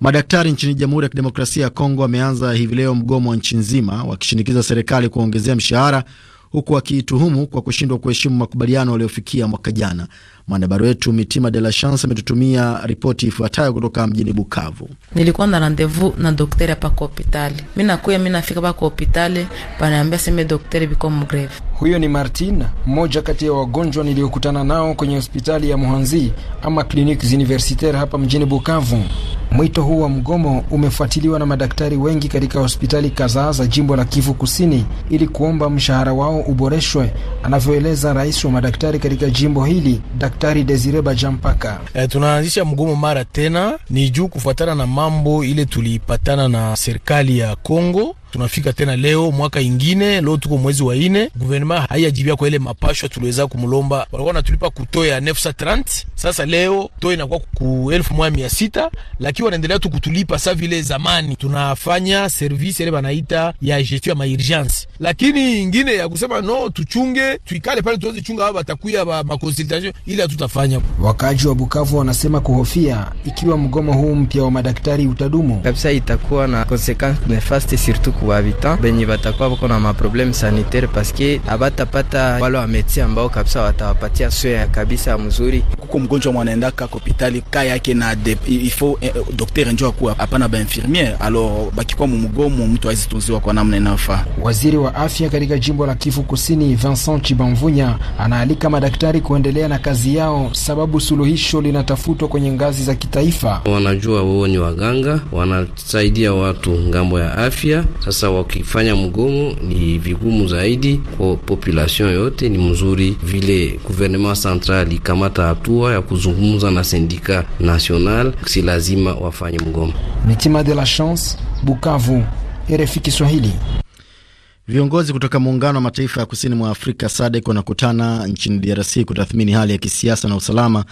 Madaktari nchini Jamhuri ya Kidemokrasia ya Kongo wameanza hivi leo mgomo wa nchi nzima wakishinikiza serikali kuongezea mshahara huku wakiituhumu kwa kushindwa kuheshimu makubaliano waliofikia mwaka jana. Mwanahabari wetu Mitima De La Chance ametutumia ripoti ifuatayo kutoka mjini Bukavu. Nilikuwa na randevu na dokteri hapa kwa hopitali, mi nakuya, mi nafika hapa kwa hopitali, panaambia seme dokteri biko mgrevu. Huyo ni Martin, mmoja kati ya wagonjwa niliyokutana nao kwenye hospitali ya Muhanzi ama Cliniques Universitaire hapa mjini Bukavu. Mwito huu wa mgomo umefuatiliwa na madaktari wengi katika hospitali kadhaa za jimbo la Kivu Kusini ili kuomba mshahara wao uboreshwe, anavyoeleza rais wa madaktari katika jimbo hili Dr. Daktari Desire Bajampaka. E, tunaanzisha mgomo mara tena ni juu kufuatana na mambo ile tuliipatana na serikali ya Kongo tunafika tena leo mwaka ingine, leo tuko mwezi wa ine, guvernema haijajibia kwa ile mapashwa tuliweza kumlomba. Walikuwa natulipa ya nefsa trant sasa leo to inakuwa ku elfu moja mia sita lakini wanaendelea tu kutulipa sa vile zamani. Tunafanya service ile banaita ya gestion ya maurgence, lakini ingine ya kusema no, tuchunge tuikale pale tuweze chunga hao batakuya ba makonsultation ile hatutafanya. Wakaji wa Bukavu wanasema kuhofia ikiwa mgomo huu mpya wa madaktari utadumu kabisa, itakuwa na consequence nefaste surtout kuhabita benye batakuwa bako na maprobleme sanitaire paske abatapata wale wa medecin ambao kabisa watawapatia soin kabisa mzuri. Kuko mgonjwa mwanaendaka kopitali ka yake na ifo eh, eh dokter njo akuwa hapana ba infirmier alo bakikuwa mumugomo, mtu azitunziwa kwa namna inayofaa. Waziri wa afya katika jimbo la Kivu Kusini Vincent Chibamvunya anaalika madaktari kuendelea na kazi yao, sababu suluhisho linatafutwa kwenye ngazi za kitaifa. Wanajua wao ni waganga, wanasaidia watu ngambo ya afya sasa wakifanya mgomo ni vigumu zaidi kwa population yote. Ni mzuri vile gouvernement central ikamata hatua ya kuzungumza na syndicat national, si lazima wafanye mgomo. Mitima de la Chance, Bukavu, RFI Kiswahili. Viongozi kutoka muungano wa mataifa ya kusini mwa Afrika SADC wanakutana nchini DRC kutathmini hali ya kisiasa na usalama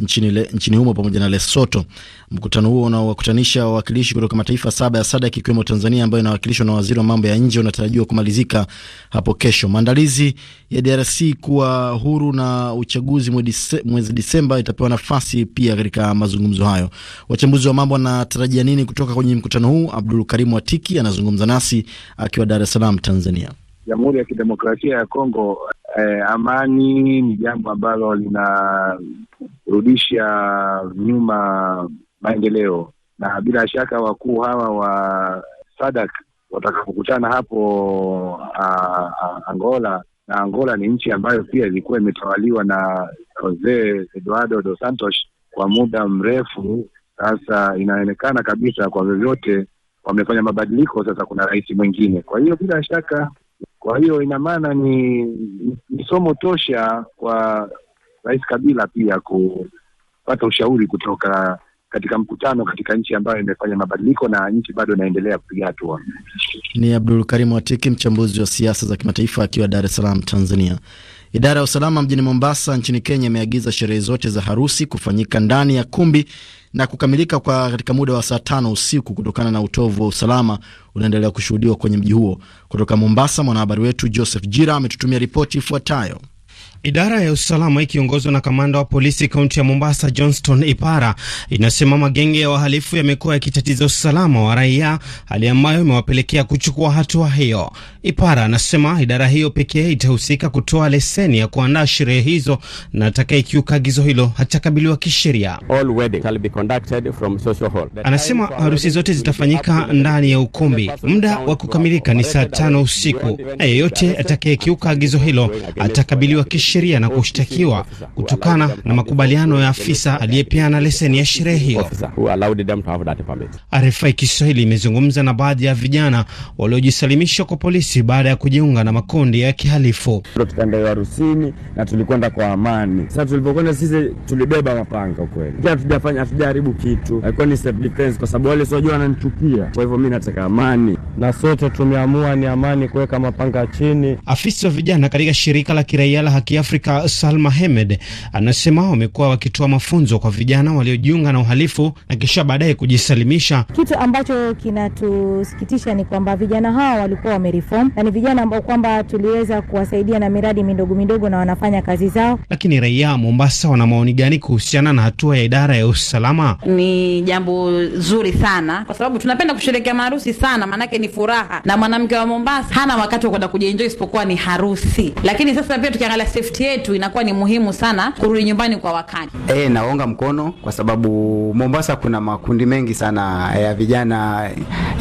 nchini, le, nchini humo pamoja na Lesotho. Mkutano huo unaowakutanisha wawakilishi kutoka mataifa saba ya SADC ikiwemo Tanzania ambayo inawakilishwa na waziri wa mambo ya nje unatarajiwa kumalizika hapo kesho. Maandalizi ya DRC kuwa huru na uchaguzi mwezi Disemba itapewa nafasi pia katika mazungumzo hayo. Wachambuzi wa mambo wanatarajia nini kutoka kwenye mkutano huu? Abdul Karimu Watiki anazungumza nasi akiwa Dar es Salaam, Tanzania. Jamhuri ya Kidemokrasia ya Kongo, eh, amani ni jambo ambalo linarudisha nyuma maendeleo, na bila shaka wakuu hawa wa sadak watakapokutana hapo a, a, Angola na Angola ni nchi ambayo pia ilikuwa imetawaliwa na Jose Eduardo do Santos kwa muda mrefu. Sasa inaonekana kabisa kwa vyovyote wamefanya mabadiliko, sasa kuna rais mwingine. Kwa hiyo bila shaka, kwa hiyo ina maana ni, ni somo tosha kwa Rais Kabila pia kupata ushauri kutoka katika mkutano katika nchi ambayo imefanya mabadiliko na nchi bado inaendelea kupiga hatua. Ni Abdul Karim Watiki, mchambuzi wa siasa za kimataifa akiwa Dar es Salaam, Tanzania. Idara ya usalama mjini Mombasa nchini Kenya imeagiza sherehe zote za harusi kufanyika ndani ya kumbi na kukamilika kwa katika muda wa saa tano usiku kutokana na utovu wa usalama unaendelea kushuhudiwa kwenye mji huo. Kutoka Mombasa, mwanahabari wetu Joseph Jira ametutumia ripoti ifuatayo. Idara ya usalama ikiongozwa na kamanda wa polisi kaunti ya Mombasa, Johnston Ipara, inasema magenge ya wahalifu yamekuwa yakitatiza usalama wa raia, hali ambayo imewapelekea kuchukua hatua hiyo. Ipara anasema idara hiyo pekee itahusika kutoa leseni ya kuandaa sherehe hizo, na atakayekiuka agizo hilo hatakabiliwa kisheria. Anasema harusi zote zitafanyika ndani ya ukumbi. Muda wa kukamilika ni saa tano usiku, na yeyote atakayekiuka agizo hilo atakabiliwa kisheria kisheria na kushtakiwa kutokana na makubaliano ya afisa aliyepeana leseni ya sherehe hiyo. RFI Kiswahili imezungumza na baadhi ya vijana waliojisalimisha kwa polisi baada ya kujiunga na makundi ya kihalifu. na tulikwenda kwa amani. Sasa tulipokwenda sisi tulibeba mapanga kweli, hatujafanya hatujaharibu kitu, alikuwa ni self defense kwa sababu wale siwajua wananichukia, kwa hivyo mi nataka amani na sote tumeamua ni amani, kuweka mapanga chini. Afisa wa vijana katika shirika la kiraia la haki Afrika Salma Hemed anasema wamekuwa wakitoa mafunzo kwa vijana waliojiunga na uhalifu na kisha baadaye kujisalimisha. Kitu ambacho kinatusikitisha ni kwamba vijana hao walikuwa wamereform na ni vijana ambao kwamba tuliweza kuwasaidia na miradi midogo midogo na wanafanya kazi zao. Lakini raia wa Mombasa wana maoni gani kuhusiana na hatua ya idara ya usalama? Ni jambo zuri sana kwa sababu tunapenda kusherekea maharusi sana, maanake ni furaha, na mwanamke wa Mombasa hana wakati wa kwenda kujienjoy isipokuwa ni harusi. Lakini sasa pia tukiangalia shift yetu inakuwa ni muhimu sana kurudi nyumbani kwa wakati. E, eh, naonga mkono kwa sababu Mombasa kuna makundi mengi sana ya vijana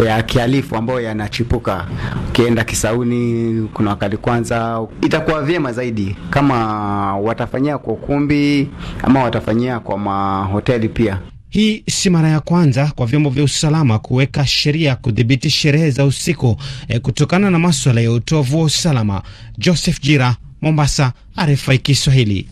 ya kihalifu ambayo yanachipuka. Ukienda Kisauni kuna wakali kwanza, itakuwa vyema zaidi kama watafanyia kwa ukumbi ama watafanyia kwa mahoteli pia. Hii si mara ya kwanza kwa vyombo vya usalama kuweka sheria kudhibiti sherehe za usiku eh, kutokana na maswala ya utovu wa usalama. Joseph Jira, Mombasa, RFI Kiswahili.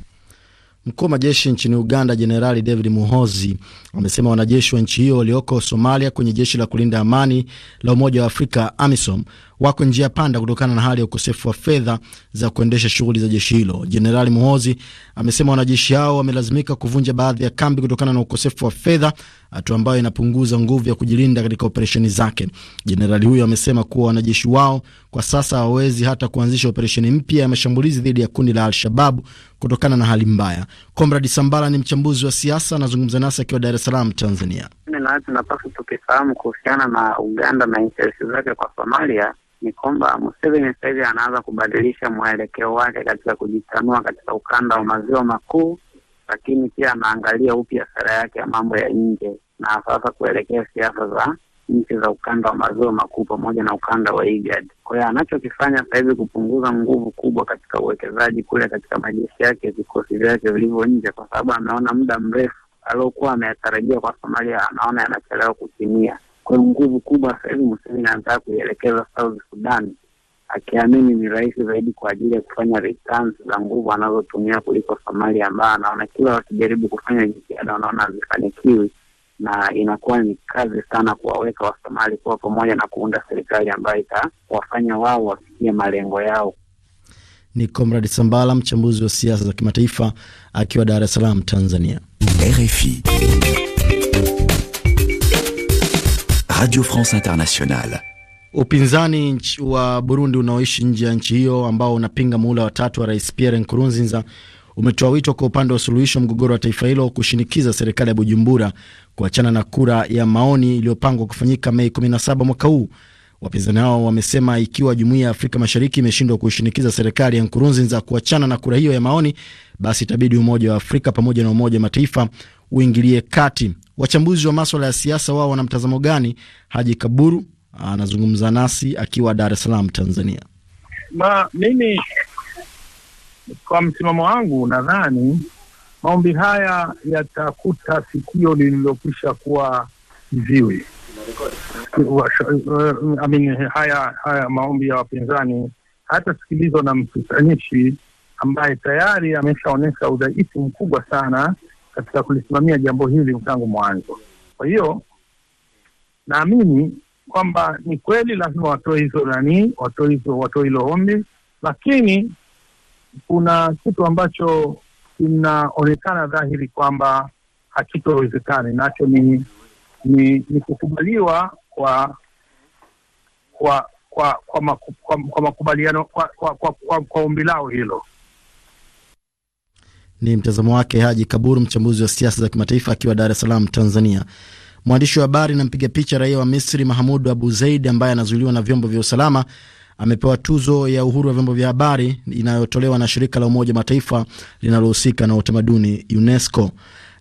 Mkuu wa majeshi nchini Uganda Jenerali David Muhozi amesema wanajeshi wa nchi hiyo walioko Somalia kwenye jeshi la kulinda amani la Umoja wa Afrika AMISOM wako njia panda kutokana na hali ya ukosefu wa fedha za kuendesha shughuli za jeshi hilo. Jenerali Muhozi amesema wanajeshi hao wamelazimika kuvunja baadhi ya kambi kutokana na ukosefu wa fedha, hatua ambayo inapunguza nguvu ya kujilinda katika operesheni zake. Jenerali huyo amesema kuwa wanajeshi wao kwa sasa hawawezi hata kuanzisha operesheni mpya ya mashambulizi dhidi ya kundi la Al-Shababu kutokana na hali mbaya. Comrade Sambala ni mchambuzi wa siasa, anazungumza nasi akiwa Dar es Salaam, Tanzania. Tunapaswa tukifahamu kuhusiana na Uganda na interesi zake kwa Somalia ni kwamba Museveni sasa hivi anaanza kubadilisha mwelekeo wake katika kujitanua katika ukanda wa maziwa makuu, lakini pia anaangalia upya sera yake ya mambo ya nje na sasa kuelekea siasa za nchi za ukanda wa maziwa makuu pamoja na ukanda wa IGAD. Kwa hiyo anachokifanya sasa hivi kupunguza nguvu kubwa katika uwekezaji kule katika majeshi yake, vikosi vyake vilivyo nje, kwa sababu ameona muda mrefu aliokuwa ameyatarajia kwa Somalia, anaona yanachelewa kutimia. Kwa nguvu kubwa sasa hivi Museveni anataka kuielekeza South Sudan, akiamini ni rahisi zaidi kwa ajili ya kufanya returns za nguvu anazotumia kuliko Somalia, ambayo anaona kila wakijaribu kufanya jitihada wanaona hazifanikiwi na inakuwa ni kazi sana kuwaweka Wasomali kuwa pamoja na kuunda serikali ambayo itawafanya wao wafikie malengo yao. Ni Comrade Sambala, mchambuzi wa siasa za kimataifa akiwa Dar es Salaam, Tanzania, RFI. Radio France Internationale. Upinzani wa Burundi unaoishi nje ya nchi hiyo ambao unapinga muhula wa tatu wa Rais Pierre Nkurunziza umetoa wito kwa upande wa suluhisho mgogoro wa taifa hilo kushinikiza serikali ya Bujumbura kuachana na kura ya maoni iliyopangwa kufanyika Mei 17 mwaka huu. Wapinzani hao wamesema ikiwa jumuiya ya Afrika Mashariki imeshindwa kushinikiza serikali ya Nkurunziza kuachana na kura hiyo ya maoni, basi itabidi Umoja wa Afrika pamoja na Umoja wa Mataifa uingilie kati. Wachambuzi wa maswala ya siasa wao wana mtazamo gani? Haji Kaburu anazungumza nasi akiwa Dar es Salaam, Tanzania. Ma, mimi kwa msimamo wangu nadhani maombi haya yatakuta sikio lililokwisha kuwa viwi. I mean, haya haya maombi ya wapinzani hatasikilizwa na msusanishi ambaye tayari ameshaonyesha udhaifu mkubwa sana katika kulisimamia jambo hili tangu mwanzo. Kwa hiyo naamini kwamba ni kweli lazima watoe hizo nani, watoe hizo, watoe hilo ombi, lakini kuna kitu ambacho kinaonekana dhahiri kwamba hakitowezekani, nacho ni ni, ni kukubaliwa kwa kwa kwa kwa, kwa, kwa makubaliano kwa, kwa, kwa, kwa, kwa ombi lao hilo. Ni mtazamo wake Haji Kaburu, mchambuzi wa siasa za kimataifa akiwa Dar es Salaam, Tanzania. Mwandishi wa habari na mpiga picha raia wa Misri Mahamudu Abu Zeid ambaye anazuiliwa na vyombo vya usalama amepewa tuzo ya uhuru wa vyombo vya habari inayotolewa na shirika la Umoja Mataifa linalohusika na utamaduni UNESCO.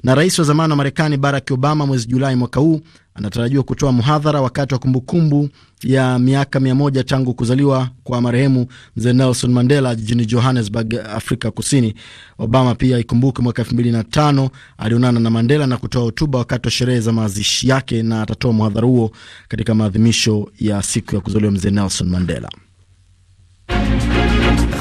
Na rais wa zamani wa Marekani Barack Obama mwezi Julai mwaka huu anatarajiwa kutoa mhadhara wakati wa kumbukumbu ya miaka mia moja tangu kuzaliwa kwa marehemu mzee Nelson Mandela jijini Johannesburg, Afrika Kusini. Obama pia ikumbuke, mwaka elfu mbili na tano alionana na Mandela na kutoa hotuba wakati wa sherehe za mazishi yake, na atatoa mhadhara huo katika maadhimisho ya siku ya kuzaliwa mzee Nelson Mandela.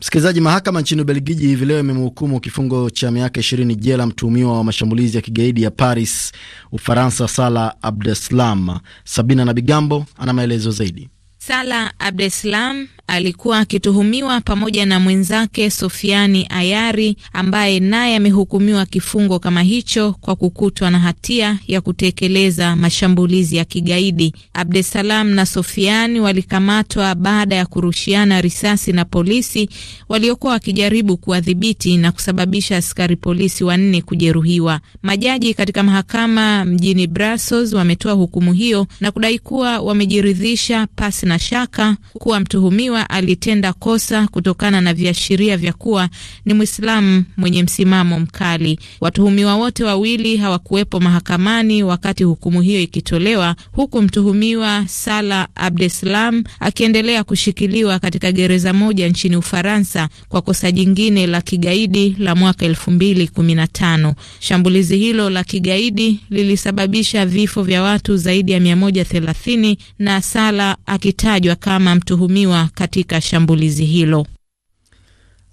Msikilizaji, mahakama nchini Ubelgiji hivi leo imemhukumu kifungo cha miaka ishirini jela mtuhumiwa wa mashambulizi ya kigaidi ya Paris, Ufaransa, Sala Abdeslam. Sabina na Bigambo ana maelezo zaidi. Sala Abdeslam alikuwa akituhumiwa pamoja na mwenzake Sofiani Ayari ambaye naye amehukumiwa kifungo kama hicho kwa kukutwa na hatia ya kutekeleza mashambulizi ya kigaidi. Abdesalam na Sofiani walikamatwa baada ya kurushiana risasi na polisi waliokuwa wakijaribu kuwadhibiti na kusababisha askari polisi wanne kujeruhiwa. Majaji katika mahakama mjini Brussels wametoa hukumu hiyo na kudai kuwa wamejiridhisha pasi na shaka kuwa mtuhumiwa kuwa alitenda kosa kutokana na viashiria vya kuwa ni Mwislamu mwenye msimamo mkali. Watuhumiwa wote wawili hawakuwepo mahakamani wakati hukumu hiyo ikitolewa, huku mtuhumiwa Sala Abdeslam akiendelea kushikiliwa katika gereza moja nchini Ufaransa kwa kosa jingine la kigaidi la mwaka elfu mbili kumi na tano. Shambulizi hilo la kigaidi lilisababisha vifo vya watu zaidi ya 130 na Sala akitajwa kama mtuhumiwa katika shambulizi hilo.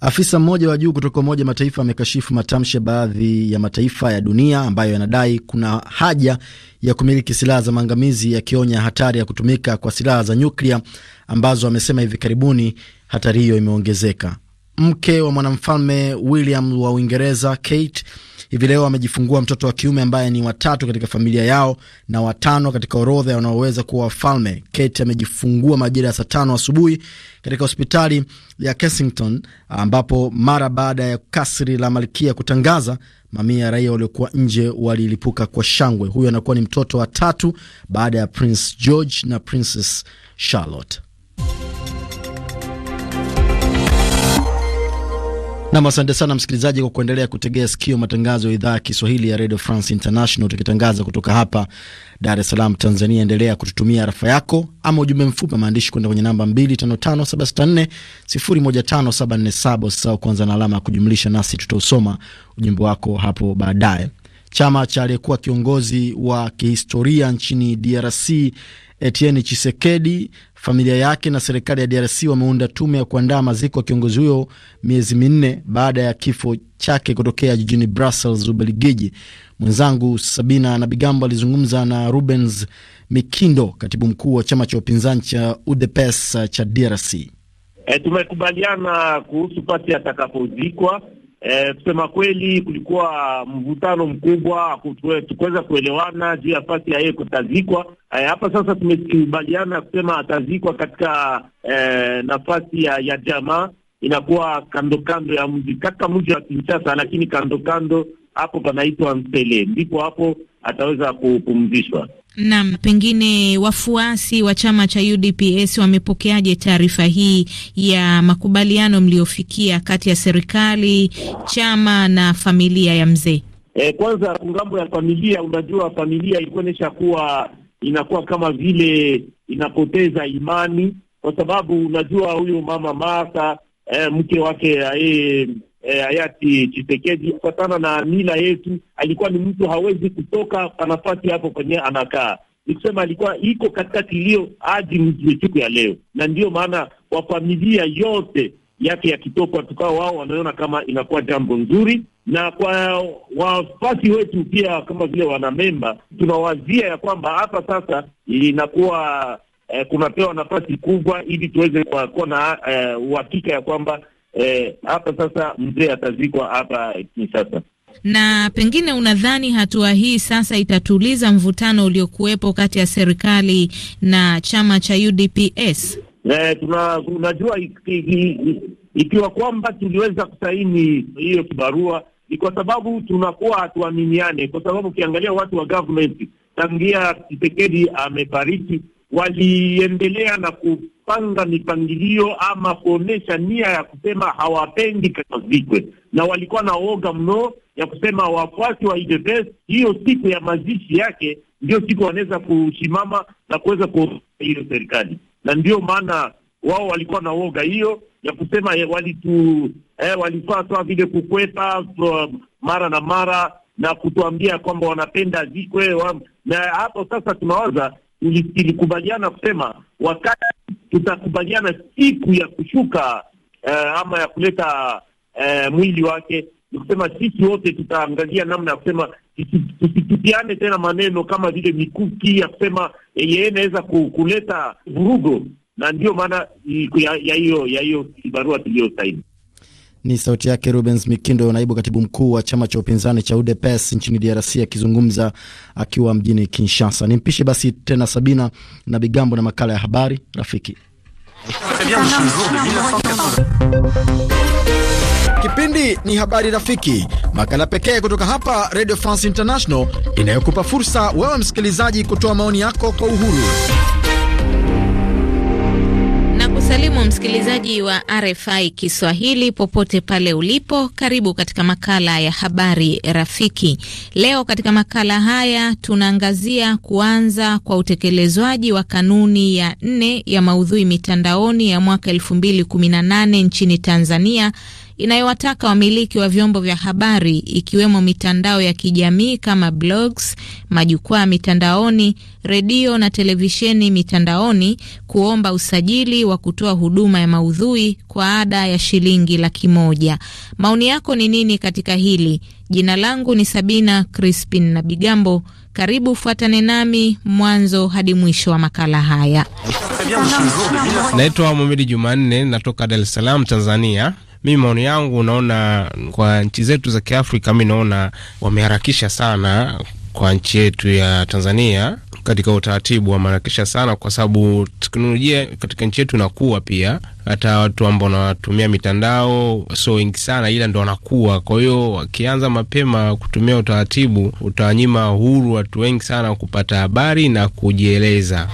Afisa mmoja wa juu kutoka Umoja Mataifa amekashifu matamshi ya baadhi ya mataifa ya dunia ambayo yanadai kuna haja ya kumiliki silaha za maangamizi, yakionya hatari ya kutumika kwa silaha za nyuklia ambazo amesema hivi karibuni hatari hiyo imeongezeka. Mke wa mwanamfalme William wa Uingereza Kate hivi leo amejifungua mtoto wa kiume ambaye ni watatu katika familia yao na watano katika orodha wanaoweza kuwa wafalme. Kate amejifungua majira ya saa tano asubuhi katika hospitali ya Kensington, ambapo mara baada ya kasri la malkia kutangaza mamia ya raia waliokuwa nje walilipuka kwa shangwe. Huyu anakuwa ni mtoto wa tatu baada ya Prince George na Princess Charlotte. Nam, asante sana msikilizaji kwa kuendelea kutegea sikio matangazo ya idhaa ya Kiswahili ya Radio France International, tukitangaza kutoka hapa Dar es Salaam, Tanzania. Endelea kututumia arafa yako ama ujumbe mfupi wa maandishi kwenda kwenye namba 255764015747. Usisahau kuanza na alama ya kujumlisha, nasi tutausoma ujumbe wako hapo baadaye. Chama cha aliyekuwa kiongozi wa kihistoria nchini DRC Etienne Chisekedi, familia yake na serikali ya DRC wameunda tume ya kuandaa maziko ya kiongozi huyo miezi minne baada ya kifo chake kutokea jijini Brussels, Ubelgiji. Mwenzangu Sabina Nabigambo alizungumza na Rubens Mikindo, katibu mkuu wa chama cha upinzani cha UDPS cha DRC. E, eh, tumekubaliana kuhusu pati atakapozikwa Eh, kusema kweli kulikuwa mvutano mkubwa, tukuweza kuelewana juu ya fasi ya yeye kutazikwa. Eh, hapa sasa tumekubaliana kusema atazikwa katika eh, nafasi ya, ya jamaa inakuwa kando kando ya mji katika mji wa Kinshasa, lakini kando kando hapo panaitwa Nsele, ndipo hapo ataweza kupumzishwa. Naam, pengine wafuasi wa chama cha UDPS wamepokeaje taarifa hii ya makubaliano mliofikia kati ya serikali, chama na familia ya mzee? E, kwanza ngambo ya familia, unajua familia ilikuonyesha kuwa inakuwa kama vile inapoteza imani, kwa sababu unajua huyu mama Martha e, mke wake yeye eh, hayati Chisekedi kufatana na mila yetu, alikuwa ni mtu hawezi kutoka kwa nafasi hapo kwenye anakaa ni kusema alikuwa iko katika kilio hadi siku ya leo, na ndiyo maana kwa familia yote yake yakitokwa, tukao wao wanaona kama inakuwa jambo nzuri, na kwa wafasi wetu pia kama vile wanamemba tunawazia ya kwamba hapa sasa inakuwa eh, kunapewa nafasi kubwa ili tuweze kuwa na eh, uhakika eh, ya kwamba Eh, hapa sasa mzee atazikwa hapa eh, Kinshasa. Na pengine unadhani hatua hii sasa itatuliza mvutano uliokuwepo kati ya serikali na chama cha UDPS? Eh, tuna unajua ikiwa kwamba tuliweza kusaini hiyo kibarua ni kwa sababu tunakuwa hatuaminiane, kwa sababu ukiangalia watu wa government tangia Tshisekedi amefariki waliendelea na ku kupanga mipangilio ama kuonyesha nia ya kusema hawapendi kazikwe, na walikuwa na oga mno ya kusema wafuasi wa IDPS hiyo siku ya mazishi yake ndio siku wanaweza kusimama na kuweza kuongoza hiyo serikali, na ndio maana wao walikuwa na uoga hiyo ya kusema eh, walitu eh, walikuwa sawa vile kukwepa eh, mara na mara na kutuambia kwamba wanapenda zikwe wa, na hapo sasa tunawaza ilikubaliana kusema wakati tutakubaliana siku ya kushuka uh, ama ya kuleta uh, mwili wake, ni kusema sisi wote tutaangalia namna ya kusema tusitupiane tena maneno kama vile mikuki ya kusema eh, yeye inaweza kuleta vurugo, na ndiyo maana ya hiyo ya hiyo barua tuliyosaini. Ni sauti yake Rubens Mikindo, naibu katibu mkuu wa chama cha upinzani cha UDPS nchini DRC akizungumza akiwa mjini Kinshasa. ni mpishe basi tena Sabina na Bigambo na makala ya habari rafiki. Kipindi ni habari rafiki, makala pekee kutoka hapa Radio France International inayokupa fursa wewe msikilizaji kutoa maoni yako kwa uhuru salimu msikilizaji wa RFI Kiswahili popote pale ulipo, karibu katika makala ya habari rafiki. Leo katika makala haya tunaangazia kuanza kwa utekelezwaji wa kanuni ya nne ya maudhui mitandaoni ya mwaka e218 nchini Tanzania inayowataka wamiliki wa vyombo vya habari ikiwemo mitandao ya kijamii kama blogs, majukwaa mitandaoni, redio na televisheni mitandaoni kuomba usajili wa kutoa huduma ya maudhui kwa ada ya shilingi laki moja. Maoni yako ni nini katika hili? Jina langu ni Sabina Crispin na Bigambo. Karibu, fuatane nami mwanzo hadi mwisho wa makala haya. Naitwa Mumidi Jumanne, natoka Dar es Salaam, Tanzania mi maoni yangu naona kwa nchi zetu za Kiafrika, mi naona wameharakisha sana kwa nchi yetu ya Tanzania katika utaratibu wa marakisha sana, kwa sababu teknolojia katika nchi yetu inakuwa pia hata watu ambao wanatumia mitandao sio wengi sana, ila ndo wanakuwa. Kwa hiyo wakianza mapema kutumia utaratibu, utawanyima huru watu wengi sana kupata habari na kujieleza.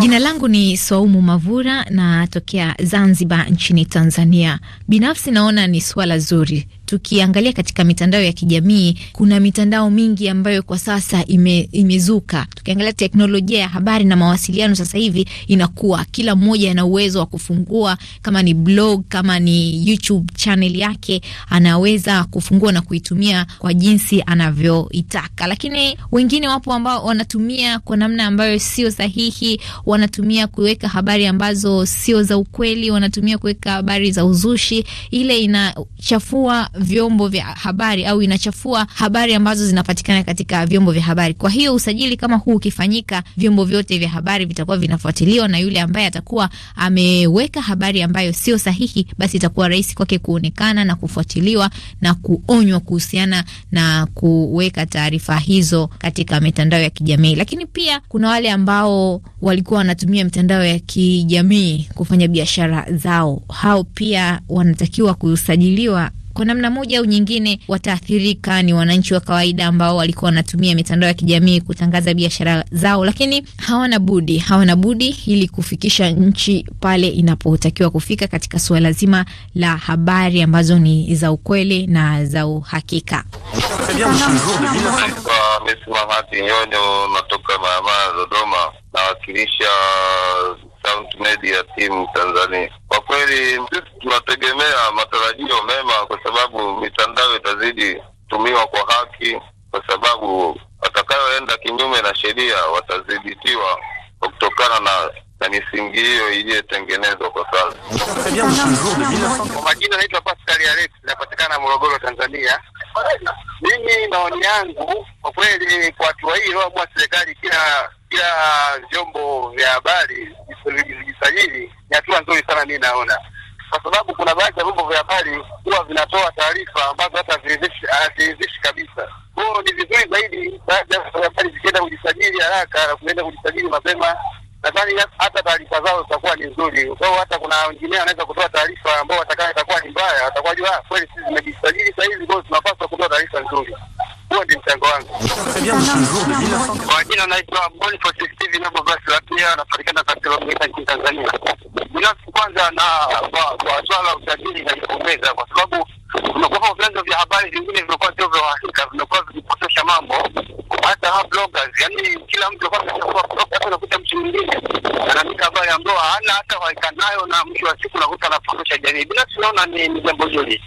Jina langu ni Swaumu Mavura, natokea Zanzibar nchini Tanzania. Binafsi naona ni swala zuri tukiangalia katika mitandao ya kijamii, kuna mitandao mingi ambayo kwa sasa ime, imezuka. Tukiangalia teknolojia ya habari na mawasiliano sasa hivi inakuwa kila mmoja ana uwezo wa kufungua, kama ni blog, kama ni YouTube channel yake anaweza kufungua na kuitumia kwa jinsi anavyoitaka, lakini wengine wapo ambao wanatumia kwa namna ambayo sio sahihi, wanatumia kuweka habari ambazo sio za ukweli, wanatumia kuweka habari za uzushi. Ile inachafua vyombo vya habari au inachafua habari ambazo zinapatikana katika vyombo vya habari. Kwa hiyo usajili kama huu ukifanyika, vyombo vyote vya habari vitakuwa vinafuatiliwa, na yule ambaye atakuwa ameweka habari ambayo sio sahihi, basi itakuwa rahisi kwake kuonekana na kufuatiliwa na kuonywa kuhusiana na kuweka taarifa hizo katika mitandao ya kijamii. Lakini pia kuna wale ambao walikuwa wanatumia mitandao ya kijamii kufanya biashara zao, hao pia wanatakiwa kusajiliwa kwa namna moja au nyingine wataathirika ni wananchi wa kawaida ambao walikuwa wanatumia mitandao ya kijamii kutangaza biashara zao, lakini hawana budi, hawana budi ili kufikisha nchi pale inapotakiwa kufika katika suala zima la habari ambazo ni za ukweli na za uhakika. Natoka Dodoma, nawakilisha Sound Media Team Tanzania. Kwa kweli sisi tunategemea matarajio mema, kwa sababu mitandao itazidi kutumiwa kwa haki, kwa sababu watakayoenda kinyume na sheria watadhibitiwa kwa kutokana na na misingi hiyo iliyotengenezwa kwa sasa. Kwa majina naitwa Pascal Alex, napatikana Morogoro, Tanzania. Mimi maoni yangu kwa kweli, kwa hatua hii serikali kila pia vyombo vya habari vijisajili ni hatua nzuri sana, mi naona, kwa sababu kuna baadhi ya vyombo vya habari huwa vinatoa taarifa ambazo hata haziwezeshi kabisa. Kwao ni vizuri zaidi baadhi ya vyombo vya habari vikienda kujisajili haraka na kuenda kujisajili mapema, nadhani hata taarifa zao zitakuwa ni nzuri, Kwao hata kuna wengine wanaweza kutoa taarifa ambao watakaa itakuwa ni mbaya, watakuwa jua ah, kweli sisi zimejisajili sahizi, kwao zinapaswa kutoa taarifa nzuri huo ndio mchango wangu. Kwa jina naitwa Boniface Steven Nabobasi, pia anapatikana katika Mbeya nchini Tanzania. Binafsi kwanza, na kwa swala la usajili naipongeza, kwa sababu kumekuwa vyanzo vya habari vingine vimekuwa sio vya uhakika, vimekuwa vikipotosha mambo, hata ha bloggers, yaani kila mtu hata unakuta mtu mwingine anaandika habari ambayo hana hata uhakika nayo, na mwisho wa siku unakuta anapotosha jamii. Binafsi naona ni jambo zuri.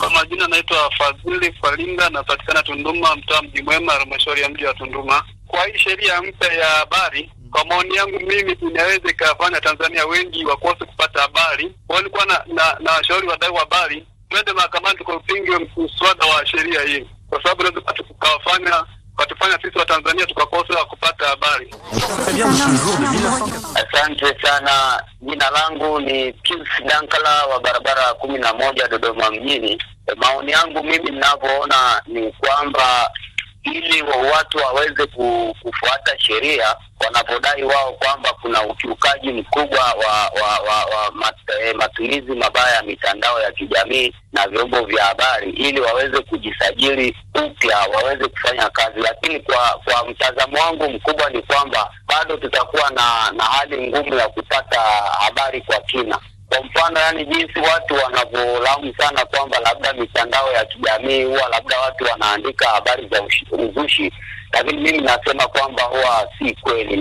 Kwa majina naitwa Fadhili Joseph Walinga, napatikana Tunduma, mtaa mji mwema, halmashauri ya mji wa Tunduma. Kwa hii sheria mpya ya habari, kwa maoni yangu mimi, inaweza ikafanya Tanzania wengi wakose kupata habari. Kwa nilikuwa na, na, na washauri wadau wa habari, twende mahakamani tukaupinge mswada wa sheria hii, kwa sababu inaweza tukawafanya katufanya sisi Watanzania tukakosa kupata habari. Asante sana. Jina langu ni Pius Dankala wa barabara kumi na moja Dodoma mjini maoni yangu mimi ninavyoona ni kwamba ili wa watu waweze kufuata sheria wanavyodai wao kwamba kuna ukiukaji mkubwa wa, wa, wa, wa mat, eh, matumizi mabaya ya mitandao ya kijamii na vyombo vya habari ili waweze kujisajili upya waweze kufanya kazi, lakini kwa kwa mtazamo wangu mkubwa ni kwamba bado tutakuwa na, na hali ngumu ya kupata habari kwa kina. Kwa mfano, yani jinsi watu wanavyolaumu sana kwamba labda mitandao ya kijamii huwa labda watu wanaandika habari za uzushi, lakini mimi nasema kwamba huwa si kweli.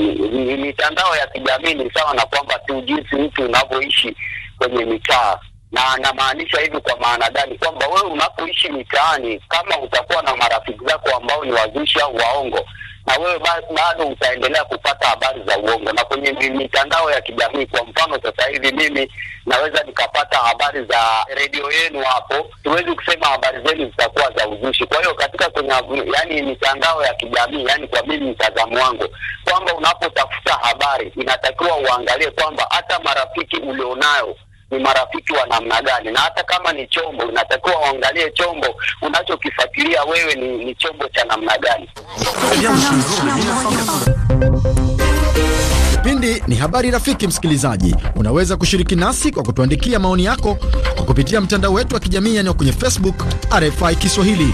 Mitandao ya kijamii ni sawa na kwamba tu jinsi mtu unavyoishi kwenye mitaa na namaanisha hivi kwa maana gani? Kwamba wewe unapoishi mitaani, kama utakuwa na marafiki zako ambao ni wazushi au waongo, na wewe bado utaendelea kupata habari za uongo na kwenye mitandao ya kijamii. Kwa mfano, sasa hivi mimi naweza nikapata habari za redio yenu hapo, siwezi kusema habari zenu zitakuwa za uzushi. Kwa hiyo katika kwenye yani mitandao ya kijamii, yani kwa mimi mtazamo wangu kwamba unapotafuta habari inatakiwa uangalie kwamba hata marafiki ulionayo ni marafiki wa namna gani, na hata kama ni chombo, unatakiwa uangalie chombo unachokifuatilia wewe ni, ni chombo cha namna gani. Kipindi ni habari rafiki. Msikilizaji, unaweza kushiriki nasi kwa kutuandikia maoni yako kwa kupitia mtandao wetu wa kijamii, yani kwenye Facebook RFI Kiswahili.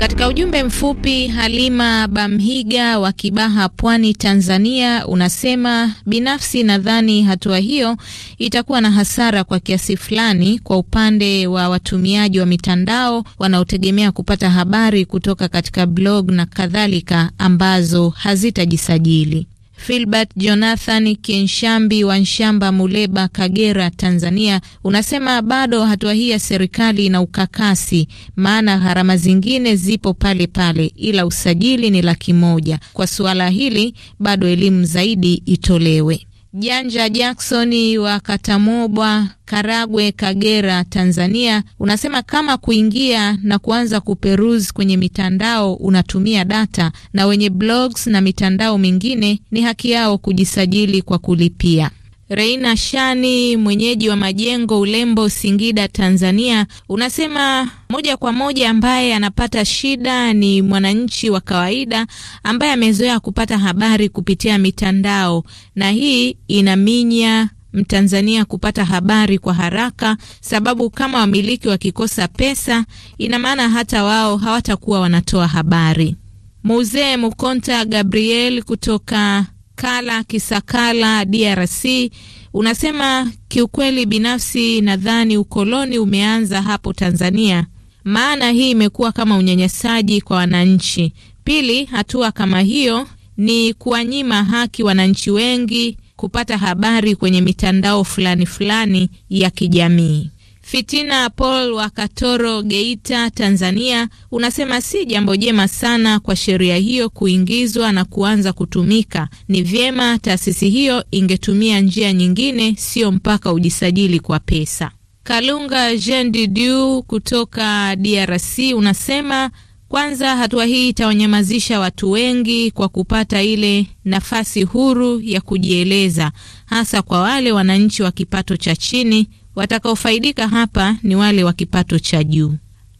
Katika ujumbe mfupi, Halima Bamhiga wa Kibaha, Pwani, Tanzania, unasema binafsi nadhani hatua hiyo itakuwa na hasara kwa kiasi fulani kwa upande wa watumiaji wa mitandao wanaotegemea kupata habari kutoka katika blog na kadhalika ambazo hazitajisajili. Filbert Jonathan Kienshambi wa Nshamba, Muleba, Kagera, Tanzania, unasema bado hatua hii ya serikali ina ukakasi, maana gharama zingine zipo pale pale, ila usajili ni laki moja. Kwa suala hili bado elimu zaidi itolewe. Janja Jacksoni wa Katamobwa, Karagwe, Kagera, Tanzania, unasema kama kuingia na kuanza kuperuzi kwenye mitandao unatumia data, na wenye blogs na mitandao mingine ni haki yao kujisajili kwa kulipia. Reina Shani, mwenyeji wa Majengo, Ulembo, Singida, Tanzania, unasema moja kwa moja ambaye anapata shida ni mwananchi wa kawaida ambaye amezoea kupata habari kupitia mitandao, na hii inaminya Mtanzania kupata habari kwa haraka, sababu kama wamiliki wakikosa pesa, ina maana hata wao hawatakuwa wanatoa habari. Muzee Mukonta Gabriel kutoka Kala Kisakala, DRC, unasema kiukweli, binafsi nadhani ukoloni umeanza hapo Tanzania, maana hii imekuwa kama unyanyasaji kwa wananchi. Pili, hatua kama hiyo ni kuwanyima haki wananchi wengi kupata habari kwenye mitandao fulani fulani ya kijamii. Fitina Paul wa Katoro, Geita, Tanzania, unasema si jambo jema sana kwa sheria hiyo kuingizwa na kuanza kutumika. Ni vyema taasisi hiyo ingetumia njia nyingine, sio mpaka ujisajili kwa pesa. Kalunga Jean Didu kutoka DRC unasema kwanza, hatua hii itawanyamazisha watu wengi kwa kupata ile nafasi huru ya kujieleza, hasa kwa wale wananchi wa kipato cha chini Watakaofaidika hapa ni wale wa kipato cha juu.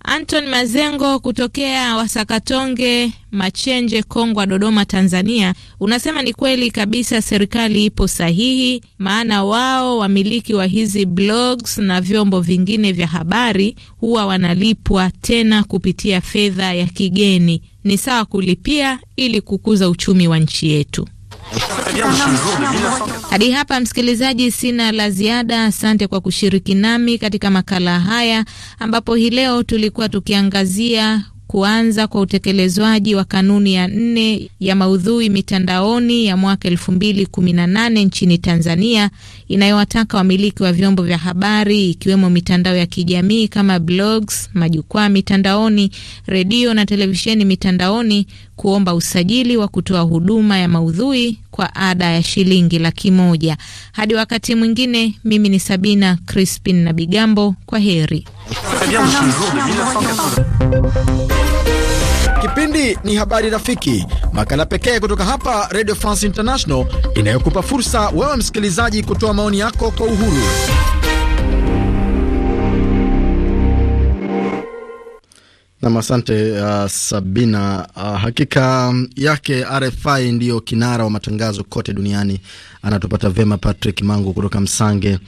Anton Mazengo kutokea Wasakatonge, Machenje, Kongwa, Dodoma, Tanzania, unasema ni kweli kabisa, serikali ipo sahihi, maana wao wamiliki wa hizi blogs na vyombo vingine vya habari huwa wanalipwa tena kupitia fedha ya kigeni. Ni sawa kulipia ili kukuza uchumi wa nchi yetu. Hadi hapa msikilizaji, sina la ziada. Asante kwa kushiriki nami katika makala haya ambapo hii leo tulikuwa tukiangazia kuanza kwa utekelezwaji wa kanuni ya nne ya maudhui mitandaoni ya mwaka elfu mbili kumi na nane nchini Tanzania inayowataka wamiliki wa vyombo vya habari ikiwemo mitandao ya kijamii kama blogs, majukwaa mitandaoni, redio na televisheni mitandaoni kuomba usajili wa kutoa huduma ya maudhui kwa ada ya shilingi laki moja. Hadi wakati mwingine, mimi ni Sabina Crispin na Bigambo, kwa heri. Kipindi ni Habari Rafiki, makala pekee kutoka hapa Radio France International inayokupa fursa wewe msikilizaji kutoa maoni yako kwa uhuru. Nam, asante uh, Sabina. Uh, hakika um, yake RFI ndiyo kinara wa matangazo kote duniani. Anatupata vema Patrick Mangu kutoka Msange,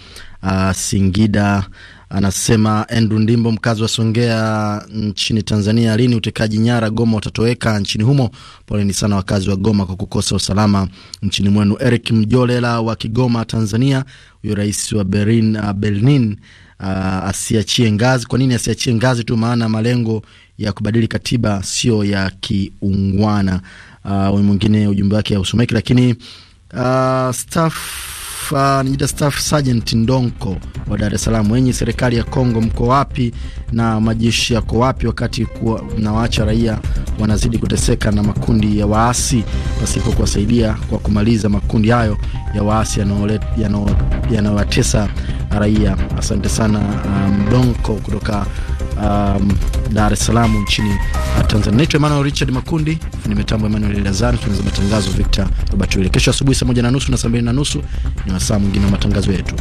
uh, Singida. Anasema Andrew Ndimbo, mkazi wa Songea nchini Tanzania, lini utekaji nyara Goma utatoweka nchini humo? Poleni sana wakazi wa Goma kwa kukosa usalama nchini mwenu. Eric Mjolela wa Kigoma, Tanzania, huyo rais wa Berlin, uh, Berlin uh, asiachie ngazi. Kwa nini asiachie ngazi tu? Maana malengo ya kubadili katiba sio ya kiungwana. Uh, mwingine ujumbe wake hausomeki, lakini uh, staff staff, uh, staff Sergeant Ndonko wa Dar es Salaam, wenye serikali ya Kongo mko wapi na majeshi yako wapi, wakati mnawaacha raia wanazidi kuteseka na makundi ya waasi pasipo kuwasaidia kwa kumaliza makundi hayo ya waasi yanayowatesa raia? Asante sana Mdonko ah, um, kutoka um, Dar es Salaam nchini Tanzania. Naitwa Emmanuel Richard Makundi, fundi mitambo Emmanuel Elazar, tunaweza matangazo Victor Robert Wile. Kesho asubuhi saa moja na nusu na saa mbili na nusu ni wasaa mwingine wa matangazo yetu.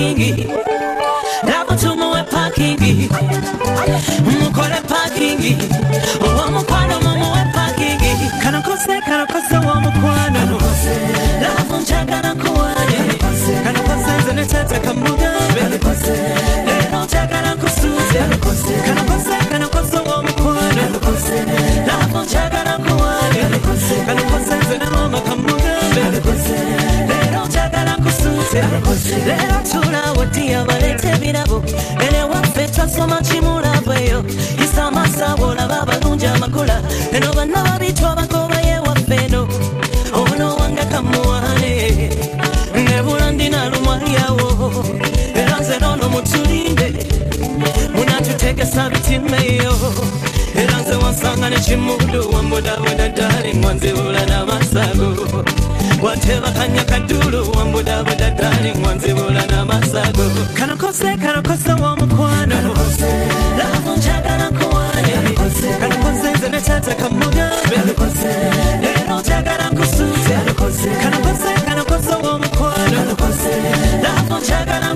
parking Rabo tumuwe parking Mukore parking Uwo mukwano mumuwe parking Kanakose kanakose uwo mukwano Kanakose Ravunja kanakuwaye Kanakose nze netete kamuwe darling, wanze wambudabuda dali ngwanzibula n'amasago watebakanya kadulu wambudabuda dali ngwanzibula n'amasago kanokose kanakose w'omukwano lavu njagala Kanakose kanokose nze nekyata kamuga leero njagala nkusuuza kanokose kanokose w'omukwano lavu njagala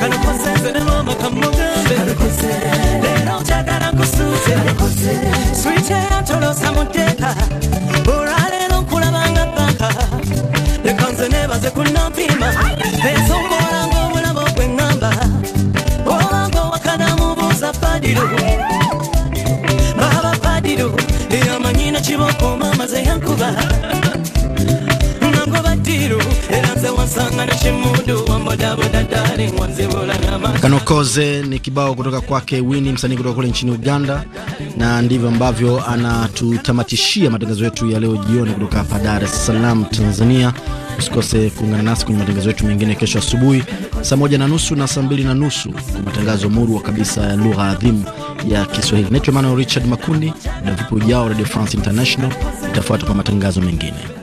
Kanakose zene nze nelwomakamuga osamuteeka olwaleero mama ze yankuba nangoba ddiru era nze wansanga Kanokoze ni kibao kutoka kwake Wini, msanii kutoka kule nchini Uganda, na ndivyo ambavyo anatutamatishia matangazo yetu ya leo jioni kutoka hapa Dar es Salaam, Tanzania. Usikose kuungana nasi kwenye matangazo yetu mengine kesho asubuhi saa moja na nusu na saa mbili na nusu kwa matangazo murwa kabisa ya lugha adhimu ya Kiswahili. Naitwa Emmanuel Richard Makundi. na mfupi ujao, Radio France International itafuata kwa matangazo mengine.